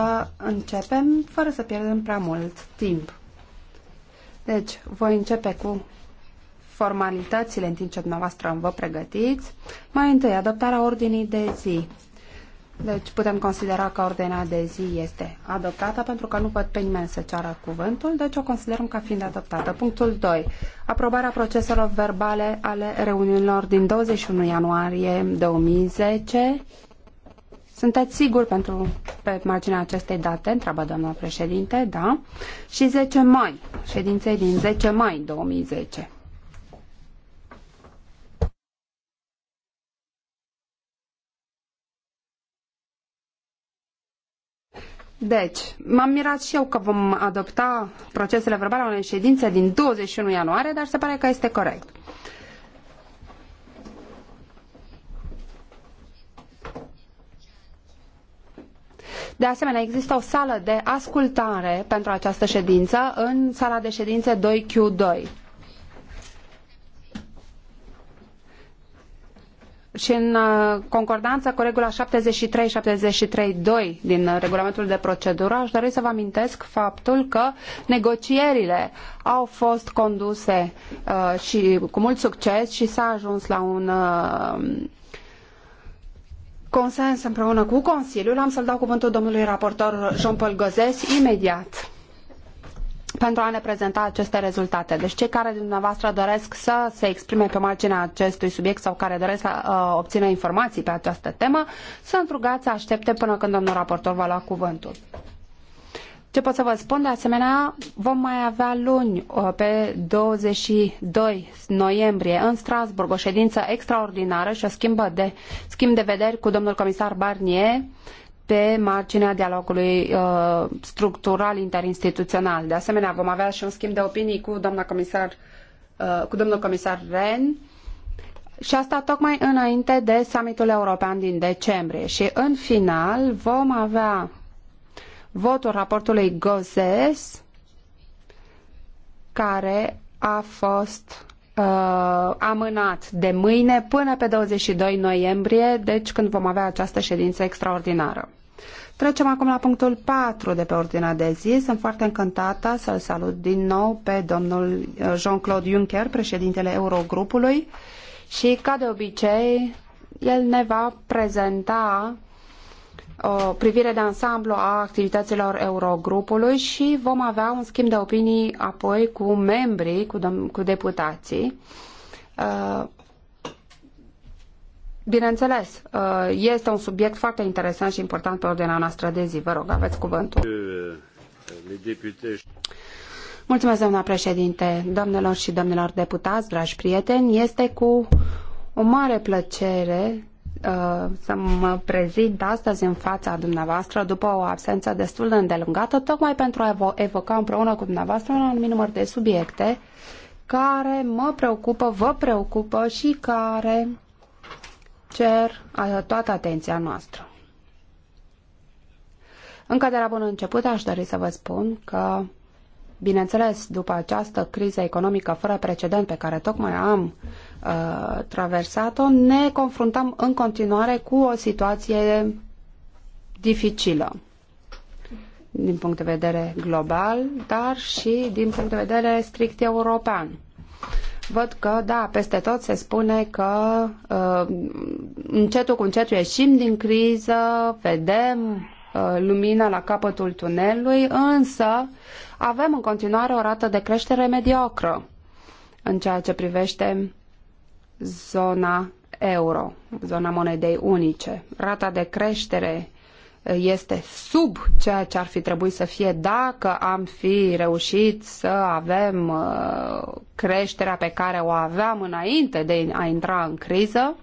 să începem fără să pierdem prea mult timp. Deci, voi începe cu formalitățile în timp ce dumneavoastră vă pregătiți. Mai întâi, adoptarea ordinii de zi. Deci putem considera că ordinea de zi este adoptată pentru că nu văd pe nimeni să ceară cuvântul, deci o considerăm ca fiind adoptată. Punctul 2. Aprobarea proceselor verbale ale reuniunilor din 21 ianuarie 2010 sunteți sigur pentru pe marginea acestei date? Întreabă doamna președinte, da. Și 10 mai, ședinței din 10 mai 2010. Deci, m-am mirat și eu că vom adopta procesele verbale ale ședințe din 21 ianuarie, dar se pare că este corect. De asemenea, există o sală de ascultare pentru această ședință în sala de ședințe 2Q2. și în uh, concordanță cu regula 73 73.2 din uh, regulamentul de procedură, aș dori să vă amintesc faptul că negocierile au fost conduse uh, și cu mult succes și s-a ajuns la un uh, consens împreună cu Consiliul, am să-l dau cuvântul domnului raportor Jean-Paul Gozes imediat pentru a ne prezenta aceste rezultate. Deci cei care dumneavoastră doresc să se exprime pe marginea acestui subiect sau care doresc să uh, obțină informații pe această temă, sunt rugați să aștepte până când domnul raportor va lua cuvântul. Ce pot să vă spun? De asemenea, vom mai avea luni, uh, pe 22 noiembrie, în Strasburg, o ședință extraordinară și o schimbă de, schimb de vederi cu domnul comisar Barnier pe marginea dialogului uh, structural interinstituțional. De asemenea, vom avea și un schimb de opinii cu, doamna comisar, uh, cu domnul comisar Ren și asta tocmai înainte de summitul european din decembrie. Și în final vom avea votul raportului Gozes, care a fost uh, amânat de mâine până pe 22 noiembrie, deci când vom avea această ședință extraordinară. Trecem acum la punctul 4 de pe ordinea de zi. Sunt foarte încântată să-l salut din nou pe domnul uh, Jean-Claude Juncker, președintele Eurogrupului, și, ca de obicei, el ne va prezenta o privire de ansamblu a activităților Eurogrupului și vom avea un schimb de opinii apoi cu membrii, cu, cu deputații. Uh, bineînțeles, uh, este un subiect foarte interesant și important pe ordinea noastră de zi. Vă rog, aveți cuvântul. Mulțumesc, doamna președinte, domnilor și domnilor deputați, dragi prieteni. Este cu o mare plăcere Uh, să mă prezint astăzi în fața dumneavoastră după o absență destul de îndelungată, tocmai pentru a evoca împreună cu dumneavoastră un anumit număr de subiecte care mă preocupă, vă preocupă și care cer uh, toată atenția noastră. Încă de la bun început aș dori să vă spun că Bineînțeles, după această criză economică fără precedent pe care tocmai am uh, traversat-o, ne confruntăm în continuare cu o situație dificilă din punct de vedere global, dar și din punct de vedere strict european. Văd că, da, peste tot se spune că uh, încetul cu încetul ieșim din criză, vedem uh, lumina la capătul tunelului, însă avem în continuare o rată de creștere mediocră în ceea ce privește zona euro, zona monedei unice. Rata de creștere este sub ceea ce ar fi trebuit să fie dacă am fi reușit să avem uh, creșterea pe care o aveam înainte de a intra în criză.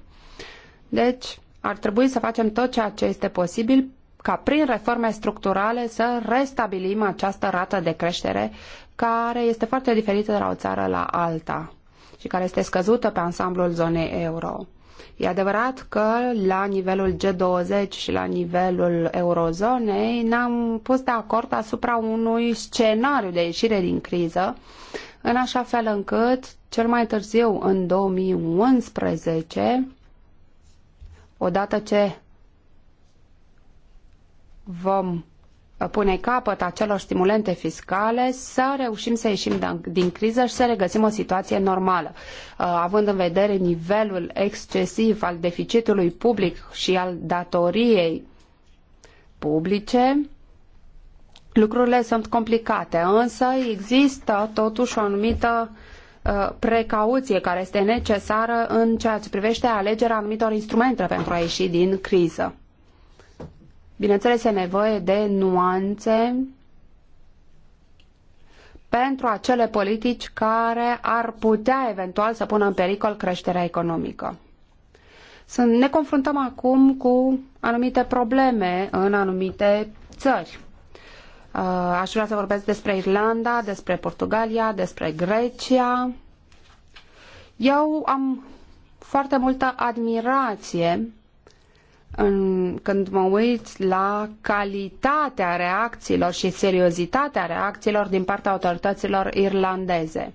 Deci, ar trebui să facem tot ceea ce este posibil ca prin reforme structurale să restabilim această rată de creștere care este foarte diferită de la o țară la alta și care este scăzută pe ansamblul zonei euro. E adevărat că la nivelul G20 și la nivelul eurozonei ne-am pus de acord asupra unui scenariu de ieșire din criză, în așa fel încât cel mai târziu în 2011, odată ce vom pune capăt acelor stimulente fiscale, să reușim să ieșim din criză și să regăsim o situație normală, uh, având în vedere nivelul excesiv al deficitului public și al datoriei publice. Lucrurile sunt complicate, însă există totuși o anumită uh, precauție care este necesară în ceea ce privește alegerea anumitor instrumente pentru a ieși din criză. Bineînțeles, e nevoie de nuanțe pentru acele politici care ar putea eventual să pună în pericol creșterea economică. Sunt, ne confruntăm acum cu anumite probleme în anumite țări. Uh, aș vrea să vorbesc despre Irlanda, despre Portugalia, despre Grecia. Eu am foarte multă admirație în, când mă uit la calitatea reacțiilor și seriozitatea reacțiilor din partea autorităților irlandeze.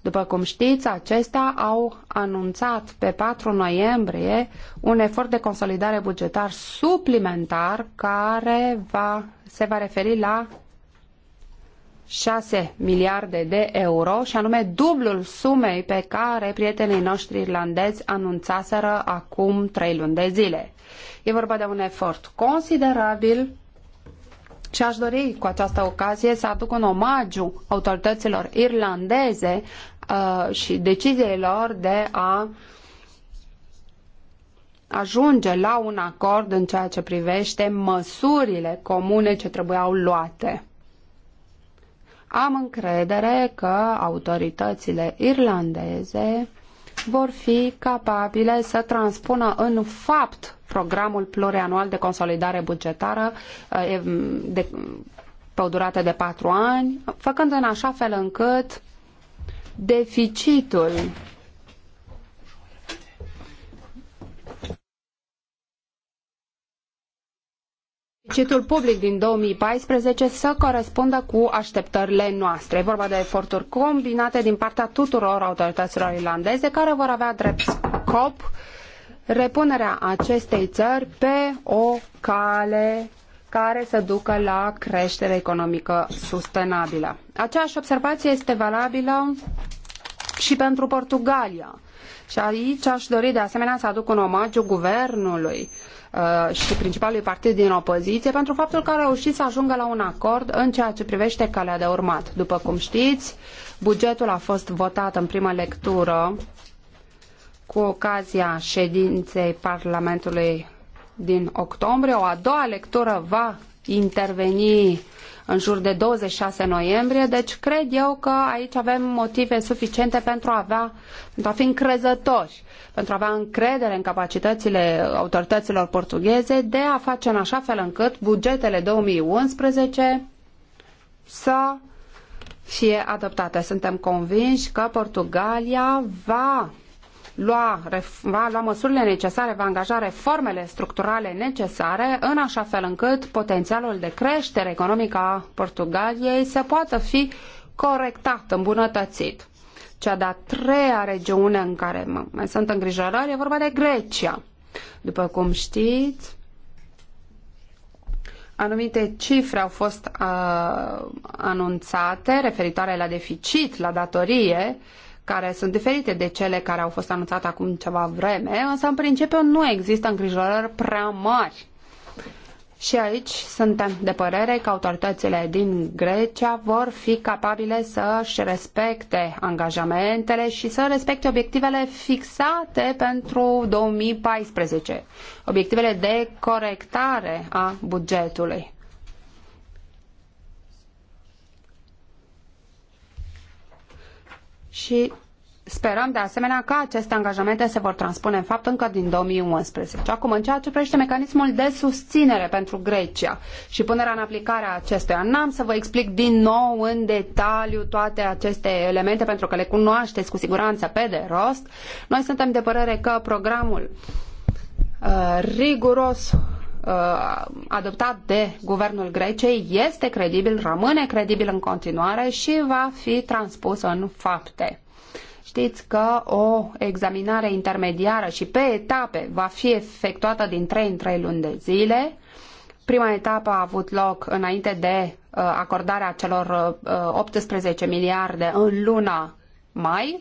După cum știți, acestea au anunțat pe 4 noiembrie un efort de consolidare bugetar suplimentar care va, se va referi la 6 miliarde de euro și anume dublul sumei pe care prietenii noștri irlandezi anunțaseră acum 3 luni de zile. E vorba de un efort considerabil și aș dori cu această ocazie să aduc un omagiu autorităților irlandeze uh, și deciziilor de a ajunge la un acord în ceea ce privește măsurile comune ce trebuiau luate. Am încredere că autoritățile irlandeze vor fi capabile să transpună în fapt programul plurianual de consolidare bugetară eh, de, pe o durată de patru ani, făcând în așa fel încât deficitul deficitul public din 2014 să corespundă cu așteptările noastre. E vorba de eforturi combinate din partea tuturor autorităților irlandeze care vor avea drept scop repunerea acestei țări pe o cale care să ducă la creștere economică sustenabilă. Aceeași observație este valabilă și pentru Portugalia și aici aș dori de asemenea să aduc un omagiu guvernului uh, și principalului partid din opoziție pentru faptul că a reușit să ajungă la un acord în ceea ce privește calea de urmat. După cum știți, bugetul a fost votat în prima lectură cu ocazia ședinței Parlamentului din octombrie. O a doua lectură va interveni în jur de 26 noiembrie, deci cred eu că aici avem motive suficiente pentru a, avea, pentru a fi încrezători, pentru a avea încredere în capacitățile autorităților portugheze de a face în așa fel încât bugetele 2011 să fie adoptate. Suntem convinși că Portugalia va lua, va lua măsurile necesare, va angaja reformele structurale necesare, în așa fel încât potențialul de creștere economică a Portugaliei să poată fi corectat, îmbunătățit. Cea de-a treia regiune în care mai sunt îngrijorări e vorba de Grecia. După cum știți, anumite cifre au fost uh, anunțate referitoare la deficit, la datorie, uh, care sunt diferite de cele care au fost anunțate acum ceva vreme, însă în principiu nu există îngrijorări prea mari. Și aici suntem de părere că autoritățile din Grecia vor fi capabile să-și respecte angajamentele și să respecte obiectivele fixate pentru 2014, obiectivele de corectare a bugetului. și sperăm de asemenea că aceste angajamente se vor transpune în fapt încă din 2011. Acum, în ceea ce privește mecanismul de susținere pentru Grecia și punerea în aplicare a acestuia, n-am să vă explic din nou în detaliu toate aceste elemente pentru că le cunoașteți cu siguranță pe de rost. Noi suntem de părere că programul uh, riguros Uh, adoptat de guvernul Greciei este credibil, rămâne credibil în continuare și va fi transpus în fapte. Știți că o examinare intermediară și pe etape va fi efectuată din 3 în 3 luni de zile. Prima etapă a avut loc înainte de uh, acordarea celor 18 uh, miliarde în luna mai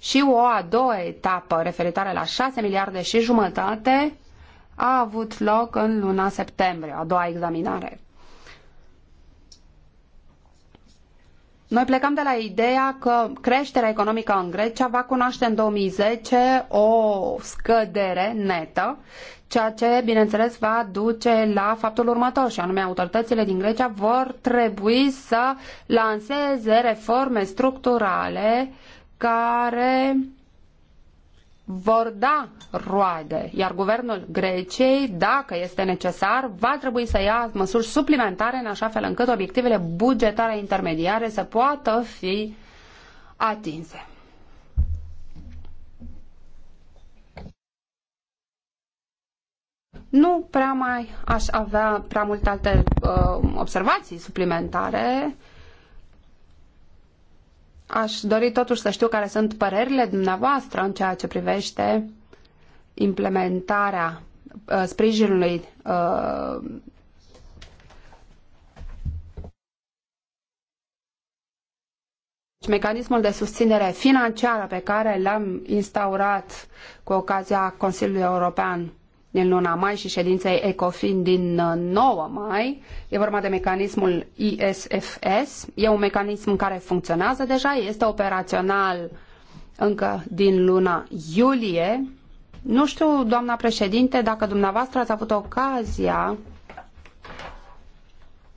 și o a doua etapă referitoare la 6 miliarde și jumătate a avut loc în luna septembrie, a doua examinare. Noi plecăm de la ideea că creșterea economică în Grecia va cunoaște în 2010 o scădere netă, ceea ce, bineînțeles, va duce la faptul următor, și anume autoritățile din Grecia vor trebui să lanseze reforme structurale care vor da roade, iar guvernul Greciei, dacă este necesar, va trebui să ia măsuri suplimentare în așa fel încât obiectivele bugetare intermediare să poată fi atinse. Nu prea mai aș avea prea multe alte uh, observații suplimentare. Uh, Aș dori totuși să știu care sunt părerile dumneavoastră în ceea ce privește implementarea uh, sprijinului uh, mecanismul de susținere financiară pe care l-am instaurat cu ocazia Consiliului European din luna mai și ședinței ECOFIN din 9 uh, mai. E vorba de mecanismul ISFS. E un mecanism care funcționează deja, este operațional încă din luna iulie. Nu știu, doamna președinte, dacă dumneavoastră ați avut ocazia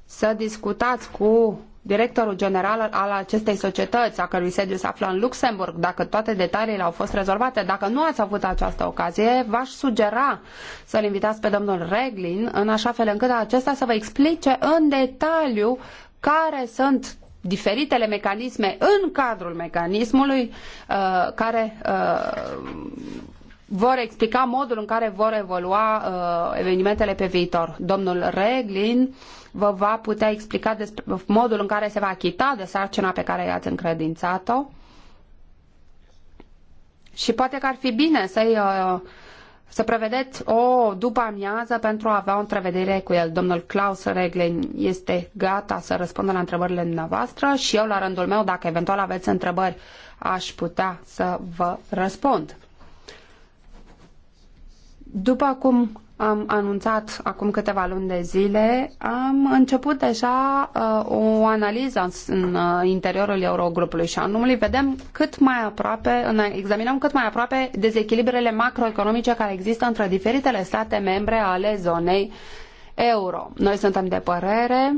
să discutați cu directorul general al acestei societăți, a cărui sediu se află în Luxemburg, dacă toate detaliile au fost rezolvate, dacă nu ați avut această ocazie, v-aș sugera să-l invitați pe domnul Reglin, în așa fel încât acesta să vă explice în detaliu care sunt diferitele mecanisme în cadrul mecanismului uh, care uh, vor explica modul în care vor evolua uh, evenimentele pe viitor. Domnul Reglin uh, vă va putea explica despre modul în care se va achita de sarcina pe care i-ați încredințat-o. Și poate că ar fi bine să-i uh, să prevedeți o după amiază pentru a avea o întrevedere cu el. Domnul Klaus Reglen este gata să răspundă la întrebările dumneavoastră și eu, la rândul meu, dacă eventual aveți întrebări, aș putea să vă răspund. După cum am anunțat acum câteva luni de zile, am început deja uh, o analiză în uh, interiorul Eurogrupului și anumului vedem cât mai aproape, în, examinăm cât mai aproape dezechilibrele macroeconomice care există între diferitele state membre ale zonei euro. Noi suntem de părere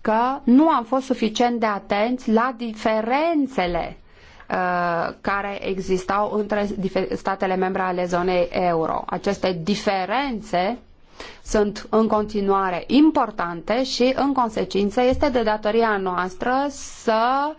că nu am fost suficient de atenți la diferențele Uh, care existau între statele membre ale zonei euro. Aceste diferențe sunt în continuare importante și, în consecință, este de datoria noastră să uh,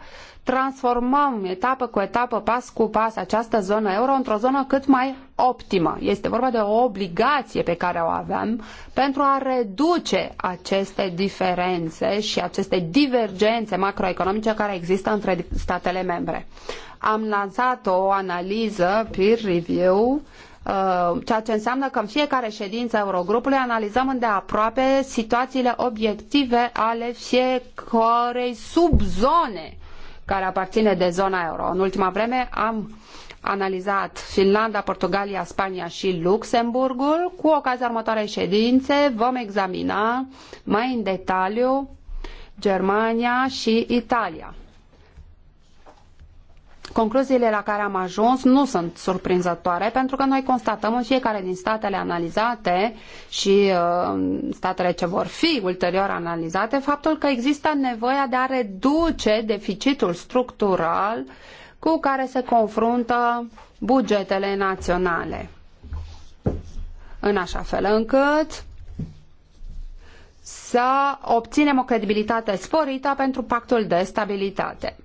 transformăm etapă cu etapă, pas cu pas, această zonă euro într-o zonă cât mai optimă. Este vorba de o obligație pe care o avem pentru a reduce aceste diferențe și aceste divergențe macroeconomice care există între statele membre. Am lansat o analiză peer review uh, ceea ce înseamnă că în fiecare ședință Eurogrupului analizăm îndeaproape situațiile obiective ale fiecarei subzone care aparține de zona euro. În ultima vreme am analizat Finlanda, Portugalia, Spania și Luxemburgul. Cu ocazia următoarei ședințe vom examina mai în detaliu Germania și Italia. Concluziile la care am ajuns nu sunt surprinzătoare pentru că noi constatăm în fiecare din statele analizate și uh, statele ce vor fi ulterior analizate faptul că există nevoia de a reduce deficitul structural cu care se confruntă bugetele naționale. În așa fel încât să obținem o credibilitate sporită pentru pactul de stabilitate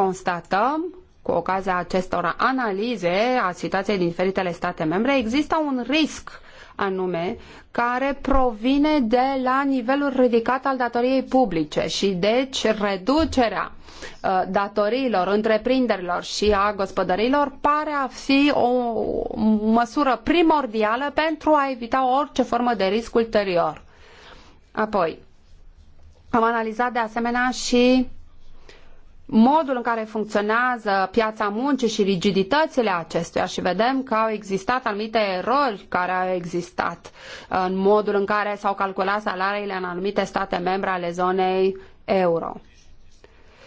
constatăm cu ocazia acestor analize a situației din diferitele state membre, există un risc anume care provine de la nivelul ridicat al datoriei publice și deci reducerea uh, datoriilor întreprinderilor și a gospodărilor pare a fi o măsură primordială pentru a evita orice formă de risc ulterior. Apoi, am analizat de asemenea și modul în care funcționează piața muncii și rigiditățile acestuia și vedem că au existat anumite erori care au existat uh, în modul în care s-au calculat salariile în anumite state membre ale zonei euro.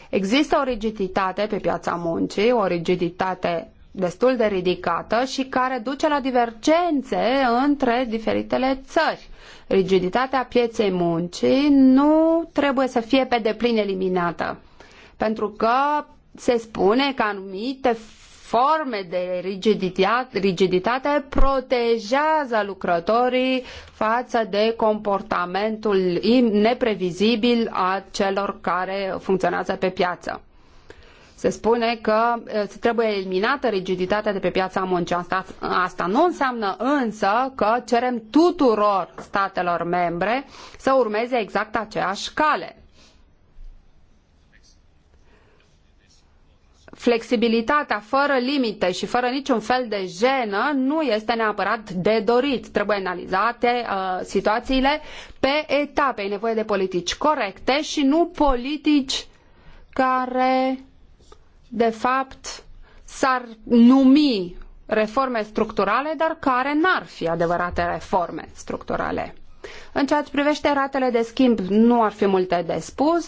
Există o rigiditate pe piața muncii, o rigiditate destul de ridicată și care duce la divergențe între diferitele țări. Rigiditatea pieței muncii nu trebuie să fie pe deplin eliminată. Pentru că se spune că anumite forme de rigiditate, rigiditate protejează lucrătorii față de comportamentul neprevizibil a celor care funcționează pe piață. Se spune că eh, trebuie eliminată rigiditatea de pe piața muncii. Asta, asta nu înseamnă însă că cerem tuturor statelor membre să urmeze exact aceeași cale. flexibilitatea fără limite și fără niciun fel de jenă nu este neapărat de dorit. Trebuie analizate uh, situațiile pe etape. E nevoie de politici corecte și nu politici care, de fapt, s-ar numi reforme structurale, dar care n-ar fi adevărate reforme structurale. În ceea ce privește ratele de schimb, nu ar fi multe de spus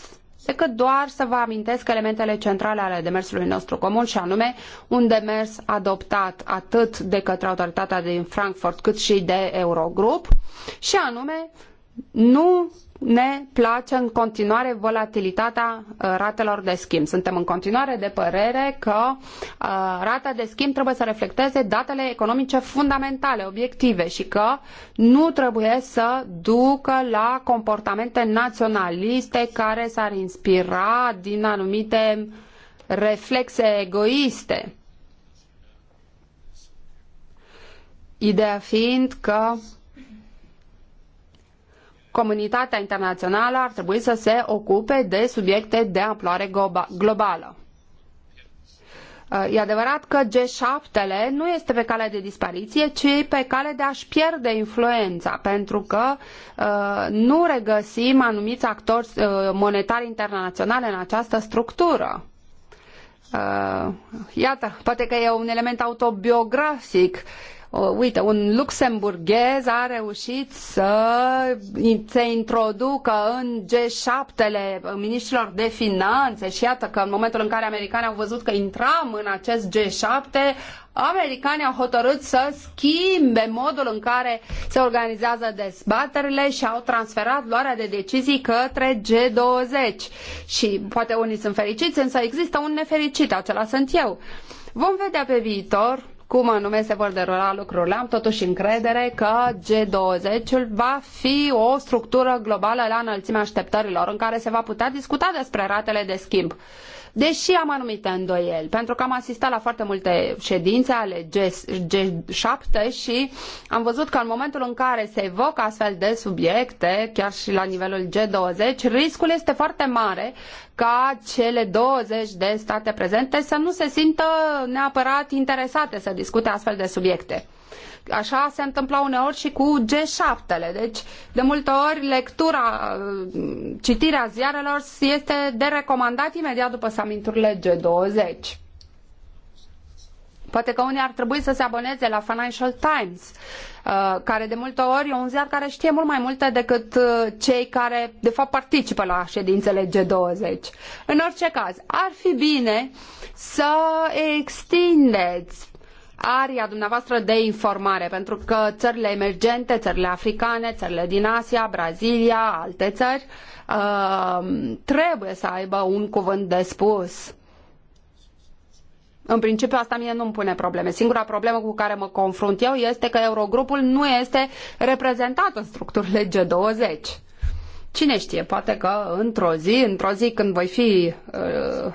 decât doar să vă amintesc elementele centrale ale demersului nostru comun și anume un demers adoptat atât de către autoritatea din Frankfurt cât și de Eurogrup și anume nu ne place în continuare volatilitatea uh, ratelor de schimb. Suntem în continuare de părere că uh, rata de schimb trebuie să reflecteze datele economice fundamentale, obiective și că nu trebuie să ducă la comportamente naționaliste care s-ar inspira din anumite reflexe egoiste. Ideea fiind că comunitatea internațională ar trebui să se ocupe de subiecte de amploare globală. Uh, e adevărat că G7-le nu este pe cale de dispariție, ci pe cale de a-și pierde influența, pentru că uh, nu regăsim anumiți actori uh, monetari internaționale în această structură. Uh, iată, poate că e un element autobiografic uh, uite, un luxemburghez a reușit să se introducă în G7-le uh, ministrilor de finanțe și iată că în momentul în care americanii au văzut că intram în acest G7, americanii au hotărât să schimbe modul în care se organizează dezbaterile și au transferat luarea de decizii către G20. Și poate unii sunt fericiți, însă există un nefericit, acela sunt eu. Vom vedea pe viitor cum anume se vor derula lucrurile. Am totuși încredere că G20-ul va fi o structură globală la înălțimea așteptărilor, în care se va putea discuta despre ratele de schimb deși am anumite îndoieli, pentru că am asistat la foarte multe ședințe ale G7 și am văzut că în momentul în care se evocă astfel de subiecte, chiar și la nivelul G20, riscul este foarte mare ca cele 20 de state prezente să nu se simtă neapărat interesate să discute astfel de subiecte. Așa se întâmpla uneori și cu G7-le. Deci, de multe ori, lectura, uh, citirea ziarelor este de recomandat imediat după summiturile G20. Poate că unii ar trebui să se aboneze la Financial Times, uh, care de multe ori e un ziar care știe mult mai multe decât uh, cei care, de fapt, participă la ședințele G20. În orice caz, ar fi bine să extindeți aria dumneavoastră de informare, pentru că țările emergente, țările africane, țările din Asia, Brazilia, alte țări, uh, trebuie să aibă un cuvânt de spus. În principiu, asta mie nu îmi pune probleme. Singura problemă cu care mă confrunt eu este că Eurogrupul nu este reprezentat în structurile G20. Cine știe, poate că într-o zi, într-o zi când voi fi uh,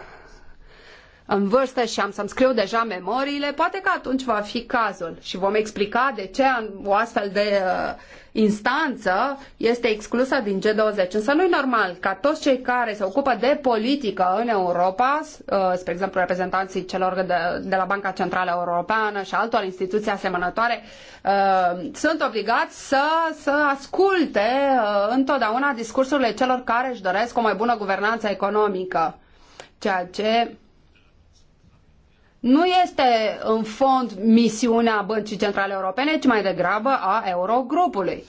în vârstă și am să-mi scriu deja memoriile, poate că atunci va fi cazul și vom explica de ce o astfel de uh, instanță este exclusă din G20. Însă nu e normal ca toți cei care se ocupă de politică în Europa, uh, spre exemplu reprezentanții celor de, de la Banca Centrală Europeană și altor instituții asemănătoare, uh, sunt obligați să, să asculte uh, întotdeauna discursurile celor care își doresc o mai bună guvernanță economică. Ceea ce nu este în fond misiunea Băncii Centrale Europene, ci mai degrabă a Eurogrupului.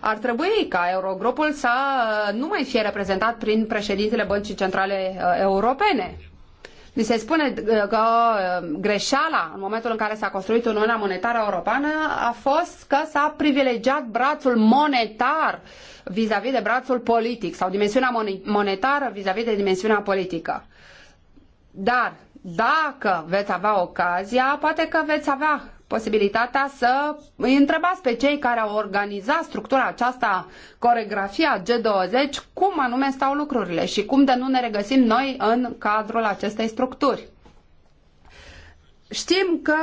Ar trebui ca Eurogrupul să uh, nu mai fie reprezentat prin președintele Băncii Centrale uh, Europene. Ni se spune uh, că greșeala în momentul în care s-a construit Uniunea Monetară Europeană a fost că s-a privilegiat brațul monetar vis-a-vis de brațul politic sau dimensiunea monetară vis a -vis de dimensiunea politică. Dar dacă veți avea ocazia, poate că veți avea posibilitatea să îi întrebați pe cei care au organizat structura aceasta, coregrafia G20, cum anume stau lucrurile și cum de nu ne regăsim noi în cadrul acestei structuri. Știm că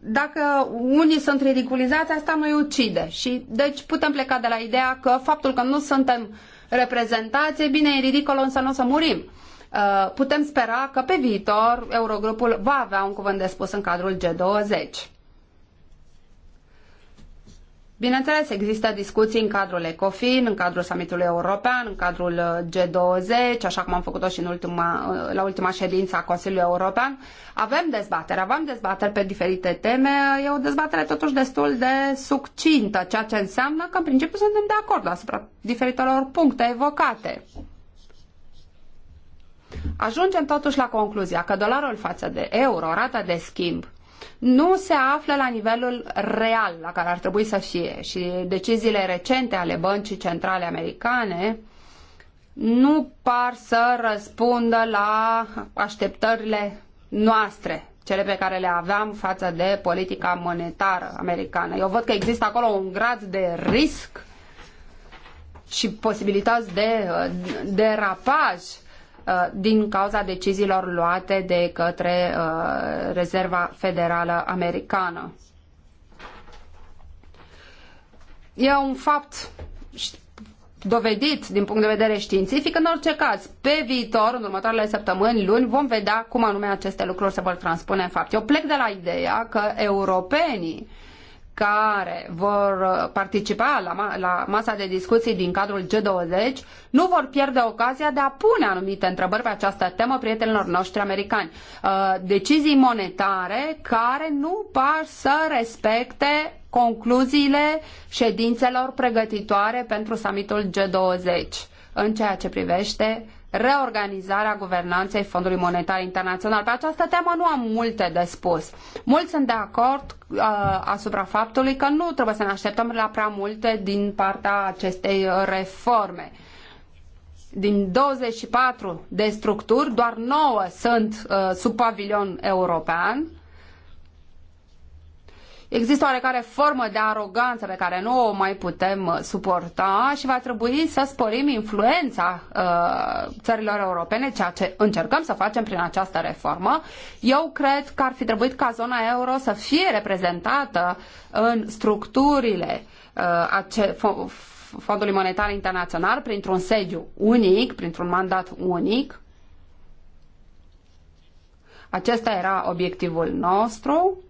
dacă unii sunt ridiculizați, asta nu-i ucide. Și deci putem pleca de la ideea că faptul că nu suntem reprezentați, e bine, e ridicol, însă nu o să murim. Uh, putem spera că pe viitor Eurogrupul va avea un cuvânt de spus în cadrul G20. Bineînțeles, există discuții în cadrul ECOFIN, în cadrul summitului european, în cadrul uh, G20, așa cum am făcut-o și în ultima, uh, la ultima ședință a Consiliului European. Avem dezbatere, avem dezbateri pe diferite teme. E o dezbatere totuși destul de succintă, ceea ce înseamnă că în principiu suntem de acord asupra diferitelor puncte evocate. Ajungem totuși la concluzia că dolarul față de euro, rata de schimb, nu se află la nivelul real la care ar trebui să fie și deciziile recente ale băncii centrale americane nu par să răspundă la așteptările noastre, cele pe care le aveam față de politica monetară americană. Eu văd că există acolo un grad de risc și posibilități de derapaj Uh, din cauza deciziilor luate de către uh, Rezerva Federală Americană. E un fapt dovedit din punct de vedere științific, în orice caz, pe viitor, în următoarele săptămâni, luni, vom vedea cum anume aceste lucruri se vor transpune în fapt. Eu plec de la ideea că europenii uh, care vor uh, participa la, la masa de discuții din cadrul G20 nu vor pierde ocazia de a pune anumite întrebări pe această temă prietenilor noștri americani. Uh, decizii monetare care nu par să respecte concluziile ședințelor pregătitoare pentru summitul G20 în ceea ce privește reorganizarea guvernanței Fondului Monetar Internațional. Pe această temă nu am multe de spus. Mulți sunt de acord uh, asupra faptului că nu trebuie să ne așteptăm la prea multe din partea acestei reforme. Din 24 de structuri, doar 9 sunt uh, sub pavilion european Există oarecare formă de aroganță pe care nu o mai putem uh, suporta și va trebui să sporim influența uh, țărilor europene, ceea ce încercăm să facem prin această reformă. Eu cred că ar fi trebuit ca zona euro să fie reprezentată în structurile uh, ace- Fondului Monetar Internațional printr-un sediu unic, printr-un mandat unic. Acesta era obiectivul nostru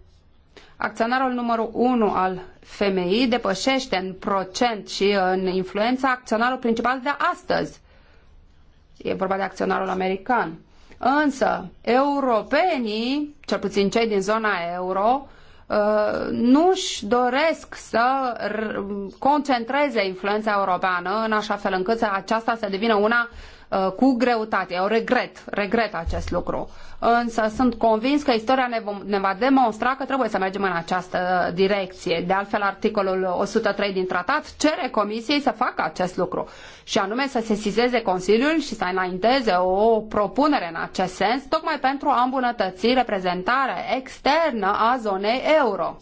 acționarul numărul 1 al FMI depășește în procent și în influență acționarul principal de astăzi. E vorba de acționarul american. Însă, europenii, cel puțin cei din zona euro, uh, nu-și doresc să concentreze influența europeană în așa fel încât aceasta să devină una Uh, cu greutate. Eu regret, regret acest lucru. Însă sunt convins că istoria ne, vom, ne va demonstra că trebuie să mergem în această direcție. De altfel, articolul 103 din tratat cere Comisiei să facă acest lucru și anume să sesizeze Consiliul și să înainteze o propunere în acest sens, tocmai pentru a îmbunătăți reprezentarea externă a zonei euro.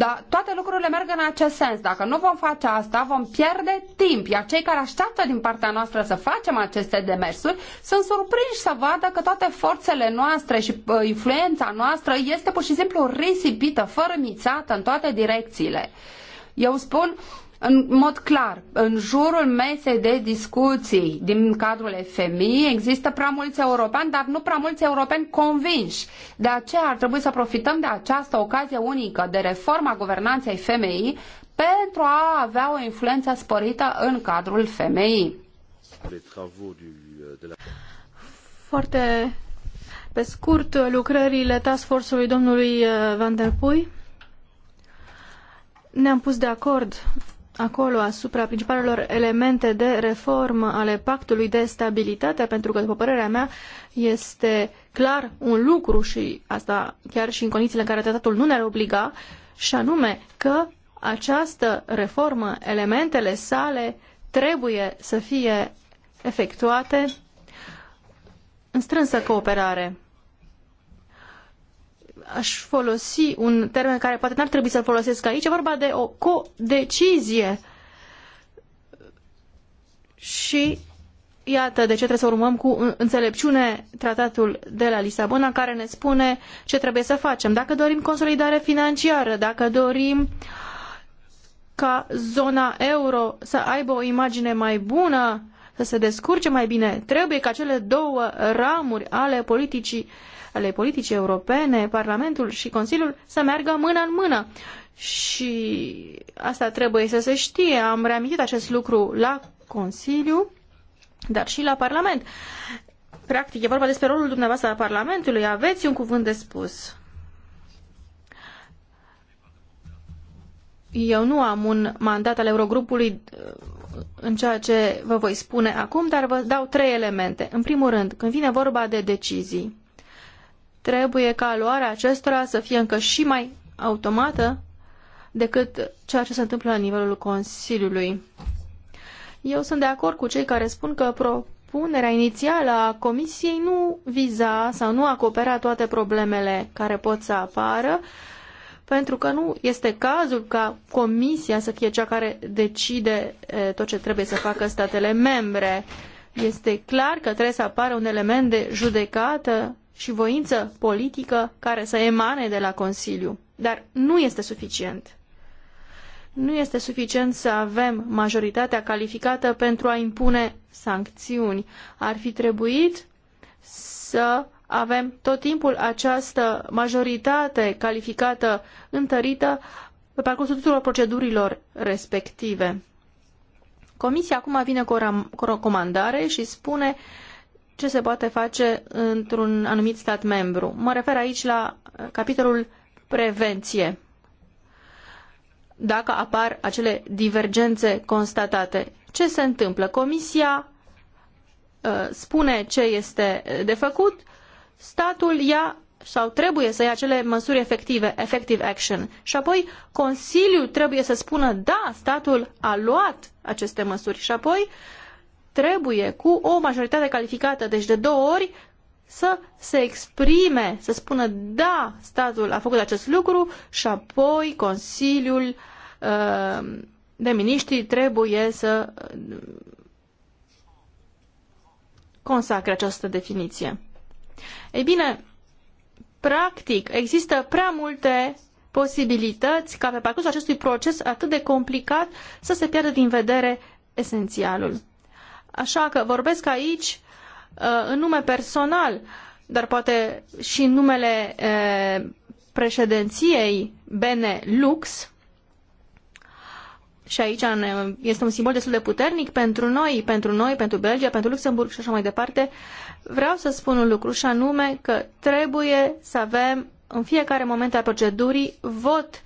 Dar toate lucrurile merg în acest sens. Dacă nu vom face asta, vom pierde timp. Iar cei care așteaptă din partea noastră să facem aceste demersuri sunt surprinși să vadă că toate forțele noastre și uh, influența noastră este pur și simplu risipită, fără în toate direcțiile. Eu spun, uh, în mod clar, în jurul mesei de discuții din cadrul FMI există prea mulți europeni, dar nu prea mulți europeni convinși. De aceea ar trebui să profităm de această ocazie unică de reforma guvernanței FMI pentru a avea o influență sporită în cadrul FMI. Foarte pe scurt, lucrările task force-ului domnului eh, Van der Puy ne-am pus de acord acolo asupra principalelor elemente de reformă ale pactului de stabilitate, pentru că, după părerea mea, este clar un lucru și asta chiar și în condițiile în care tratatul nu ne-ar obliga, și anume că această reformă, elementele sale, trebuie să fie efectuate în strânsă cooperare aș folosi un termen care poate n-ar trebui să-l folosesc aici, e vorba de o codecizie. Și iată de ce trebuie să urmăm cu înțelepciune tratatul de la Lisabona, care ne spune ce trebuie să facem. Dacă dorim consolidare financiară, dacă dorim ca zona euro să aibă o imagine mai bună, să se descurce mai bine, trebuie ca cele două ramuri ale politicii ale politicii europene, Parlamentul și Consiliul să meargă mână în mână. Și asta trebuie să se știe. Am reamintit acest lucru la Consiliu, dar și la Parlament. Practic, e vorba despre rolul dumneavoastră a Parlamentului. Aveți un cuvânt de spus. Eu nu am un mandat al Eurogrupului uh, în ceea ce vă voi spune acum, dar vă dau trei elemente. În primul rând, când vine vorba de decizii, trebuie ca luarea acestora să fie încă și mai automată decât ceea ce se întâmplă la nivelul Consiliului. Eu sunt de acord cu cei care spun că propunerea inițială a Comisiei nu viza sau nu acopera toate problemele care pot să apară, pentru că nu este cazul ca Comisia să fie cea care decide tot ce trebuie să facă statele membre. Este clar că trebuie să apară un element de judecată și voință politică care să emane de la Consiliu. Dar nu este suficient. Nu este suficient să avem majoritatea calificată pentru a impune sancțiuni. Ar fi trebuit să avem tot timpul această majoritate calificată întărită pe parcursul tuturor procedurilor respective. Comisia acum vine cu o recomandare și spune uh, ce se poate face într-un anumit stat membru. Mă refer aici la uh, capitolul prevenție. Dacă apar acele divergențe constatate, ce se întâmplă? Comisia uh, spune ce este de făcut, statul ia sau trebuie să ia acele măsuri efective, effective action. Și apoi Consiliul trebuie să spună da, statul a luat aceste măsuri. Și apoi uh, trebuie cu o majoritate calificată, deci de două ori, să se exprime, să spună da, statul a făcut acest lucru și apoi Consiliul uh, de Miniștri trebuie să uh, consacre această definiție. Ei bine, practic, există prea multe posibilități ca pe parcursul acestui proces atât de complicat să se piardă din vedere esențialul. Așa că vorbesc aici uh, în nume personal, dar poate și în numele uh, președinției Benelux, și aici este un simbol destul de puternic pentru noi, pentru noi, pentru Belgia, pentru Luxemburg și așa mai departe, vreau să spun un lucru și anume că trebuie să avem în fiecare moment al procedurii vot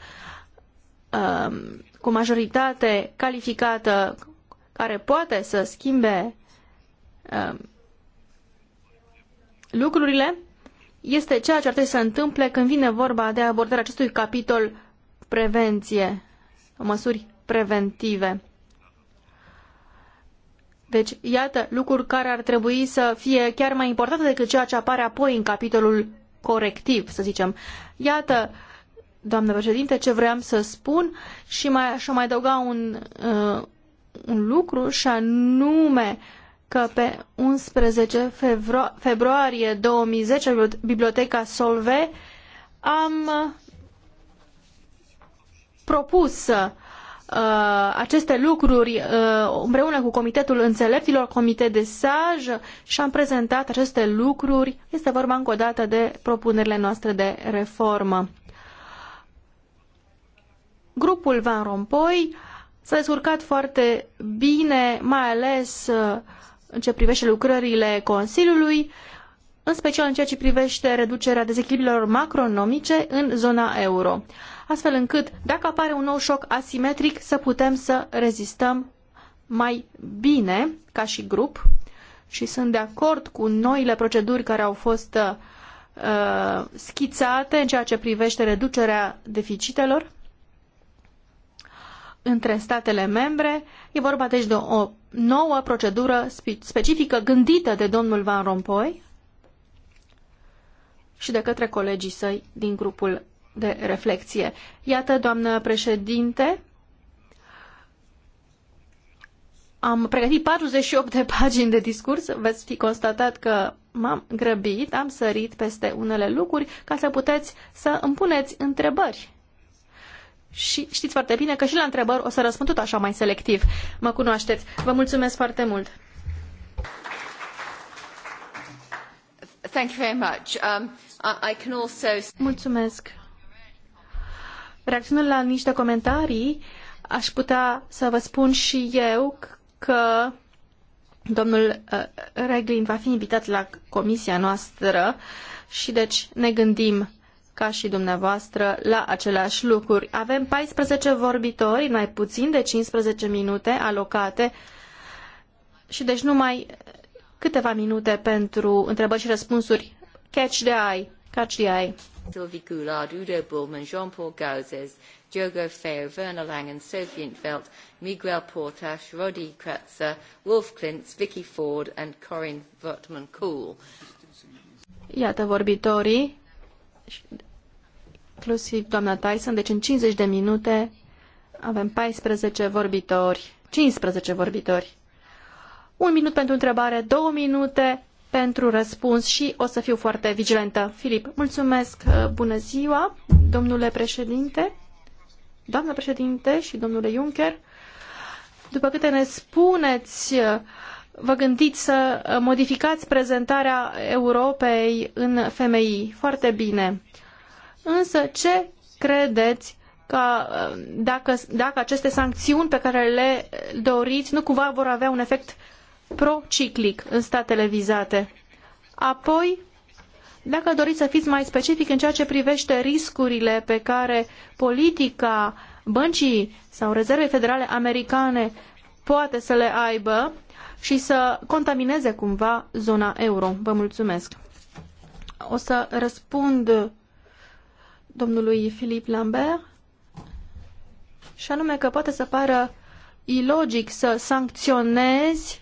um, cu majoritate calificată, care poate să schimbe um, lucrurile este ceea ce ar trebui să întâmple când vine vorba de abordarea acestui capitol prevenție, măsuri preventive. Deci, iată, lucruri care ar trebui să fie chiar mai importante decât ceea ce apare apoi în capitolul corectiv, să zicem. Iată, doamnă președinte, ce vreau să spun și mai, aș mai adăuga un uh, un lucru și anume că pe 11 febru- februarie 2010 Biblioteca Solve am uh, propus uh, aceste lucruri uh, împreună cu Comitetul Înțeleptilor, Comitet de Saj și am prezentat aceste lucruri. Este vorba încă o dată de propunerile noastre de reformă. Grupul Van Rompuy uh, S-a descurcat foarte bine, mai ales uh, în ce privește lucrările Consiliului, în special în ceea ce privește reducerea dezechilibrilor macronomice în zona euro, astfel încât, dacă apare un nou șoc asimetric, să putem să rezistăm mai bine ca și grup și sunt de acord cu noile proceduri care au fost uh, schițate în ceea ce privește reducerea deficitelor între statele membre. E vorba deci de o nouă procedură specifică gândită de domnul Van Rompuy și de către colegii săi din grupul de reflexie. Iată, doamnă președinte, am pregătit 48 de pagini de discurs, veți fi constatat că m-am grăbit, am sărit peste unele lucruri ca să puteți să îmi puneți întrebări și știți foarte bine că și la întrebări o să răspund tot așa mai selectiv. Mă cunoașteți. Vă mulțumesc foarte mult. Thank you very much. Um, I can also... Mulțumesc. Reacționând la niște comentarii, aș putea să vă spun și eu că domnul uh, Reglin va fi invitat la comisia noastră și deci ne gândim ca și dumneavoastră la aceleași lucruri. Avem 14 vorbitori, mai puțin de 15 minute alocate și deci numai câteva minute pentru întrebări și răspunsuri. Catch the eye. Catch the eye. Sylvie Goulard, Udo Bullman, Jean-Paul Gauzes, Jogo Werner Sophie Intveld, Miguel Portas, Roddy Kretzer, Wolf Klintz, Vicky Ford and Corinne Cool. Iată vorbitorii inclusiv doamna Tyson, deci în 50 de minute avem 14 vorbitori, 15 vorbitori. Un minut pentru întrebare, două minute pentru răspuns și o să fiu foarte vigilentă. Filip, mulțumesc, uh, bună ziua, domnule președinte, doamnă președinte și domnule Juncker. După câte ne spuneți, uh, vă gândiți să uh, modificați prezentarea Europei în femei. Foarte bine. Uh, Însă ce credeți că dacă, dacă aceste sancțiuni pe care le doriți nu cumva vor avea un efect prociclic în statele vizate? Apoi, dacă doriți să fiți mai specific în ceea ce privește riscurile pe care politica băncii sau rezervei federale americane poate să le aibă și să contamineze cumva zona euro. Vă mulțumesc. O să răspund domnului Philippe Lambert, și anume că poate să pară ilogic să sancționezi,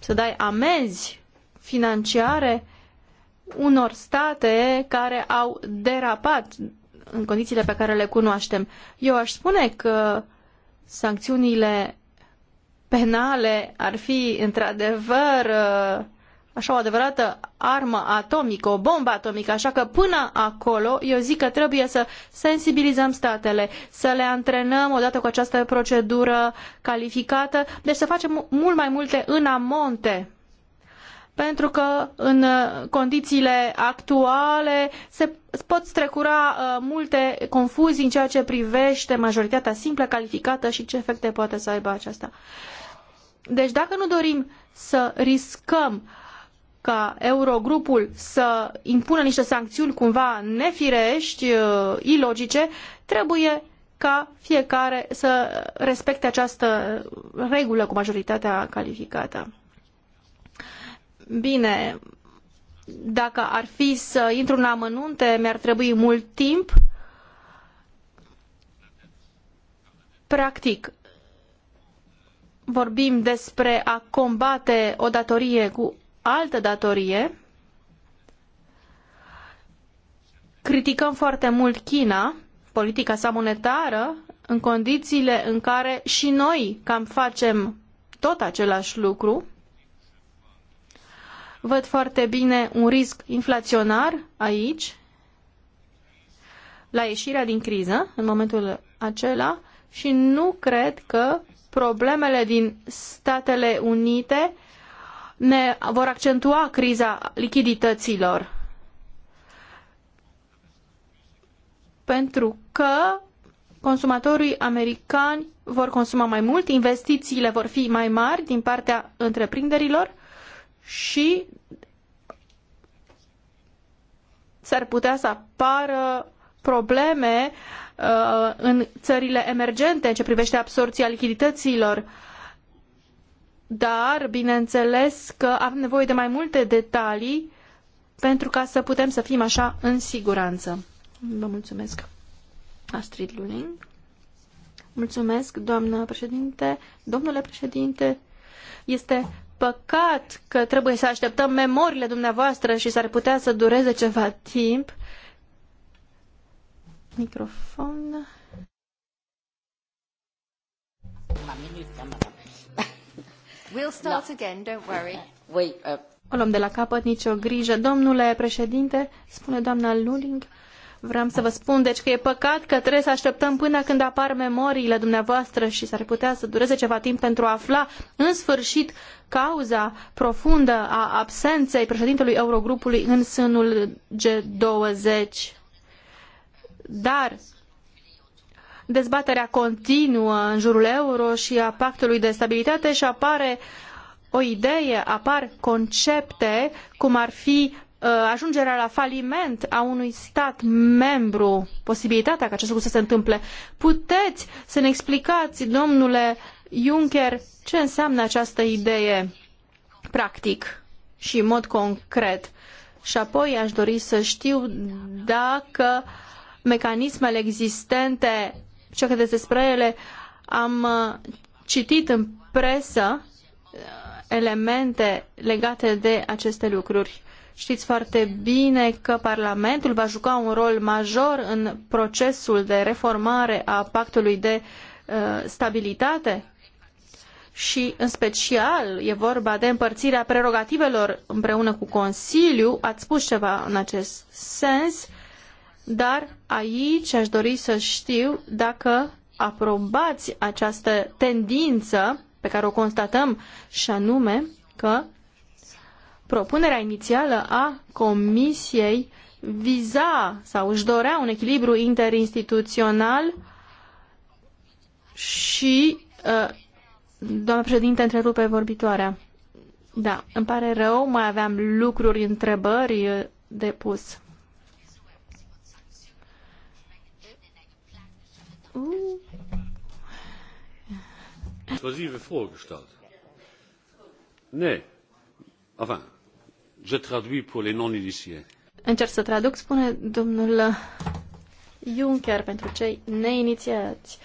să dai amenzi financiare unor state care au derapat în condițiile pe care le cunoaștem. Eu aș spune că sancțiunile penale ar fi într-adevăr uh, așa o adevărată armă atomică, o bombă atomică, așa că până acolo eu zic că trebuie să sensibilizăm statele, să le antrenăm odată cu această procedură calificată, deci să facem mult mai multe în amonte pentru că în condițiile actuale se pot strecura uh, multe confuzii în ceea ce privește majoritatea simplă calificată și ce efecte poate să aibă aceasta. Deci dacă nu dorim să riscăm ca Eurogrupul să impună niște sancțiuni cumva nefirești, uh, ilogice, trebuie ca fiecare să respecte această regulă cu majoritatea calificată. Bine, dacă ar fi să intru în amănunte, mi-ar trebui mult timp. Practic, vorbim despre a combate o datorie cu altă datorie. Criticăm foarte mult China, politica sa monetară, în condițiile în care și noi cam facem tot același lucru. Văd foarte bine un risc inflaționar aici, la ieșirea din criză, în momentul acela, și nu cred că problemele din Statele Unite ne vor accentua criza lichidităților. Pentru că consumatorii americani vor consuma mai mult, investițiile vor fi mai mari din partea întreprinderilor și s-ar putea să apară probleme uh, în țările emergente în ce privește absorția lichidităților dar bineînțeles că avem nevoie de mai multe detalii pentru ca să putem să fim așa în siguranță. Vă mulțumesc, Astrid Luning. Mulțumesc, doamnă președinte, domnule președinte. Este păcat că trebuie să așteptăm memoriile dumneavoastră și s-ar putea să dureze ceva timp. Microfon. Una We'll start da. again, don't worry. uh... O luăm de la capăt, nicio grijă. Domnule președinte, spune doamna Luling, vreau să vă spun, deci că e păcat că trebuie să așteptăm până când apar memoriile dumneavoastră și s-ar putea să dureze ceva timp pentru a afla, în sfârșit, cauza profundă a absenței președintelui Eurogrupului în sânul G20. Dar dezbaterea continuă în jurul euro și a pactului de stabilitate și apare o idee, apar concepte cum ar fi uh, ajungerea la faliment a unui stat membru, posibilitatea ca acest lucru să se întâmple. Puteți să ne explicați, domnule Juncker, ce înseamnă această idee practic și în mod concret? Și apoi aș dori să știu dacă mecanismele existente ce că despre ele. Am uh, citit în presă uh, elemente legate de aceste lucruri. Știți foarte bine că Parlamentul va juca un rol major în procesul de reformare a pactului de uh, stabilitate și, în special, e vorba de împărțirea prerogativelor împreună cu Consiliu. Ați spus ceva în acest sens dar aici aș dori să știu dacă aprobați această tendință pe care o constatăm și anume că propunerea inițială a Comisiei viza sau își dorea un echilibru interinstituțional și ă, doamna președinte întrerupe vorbitoarea. Da, îmi pare rău, mai aveam lucruri, întrebări ă, de pus. Uh. vorgestellt. Ne. Enfin, je traduis pour les non-initiés. Încerc să traduc, spune domnul Juncker pentru cei neinițiați.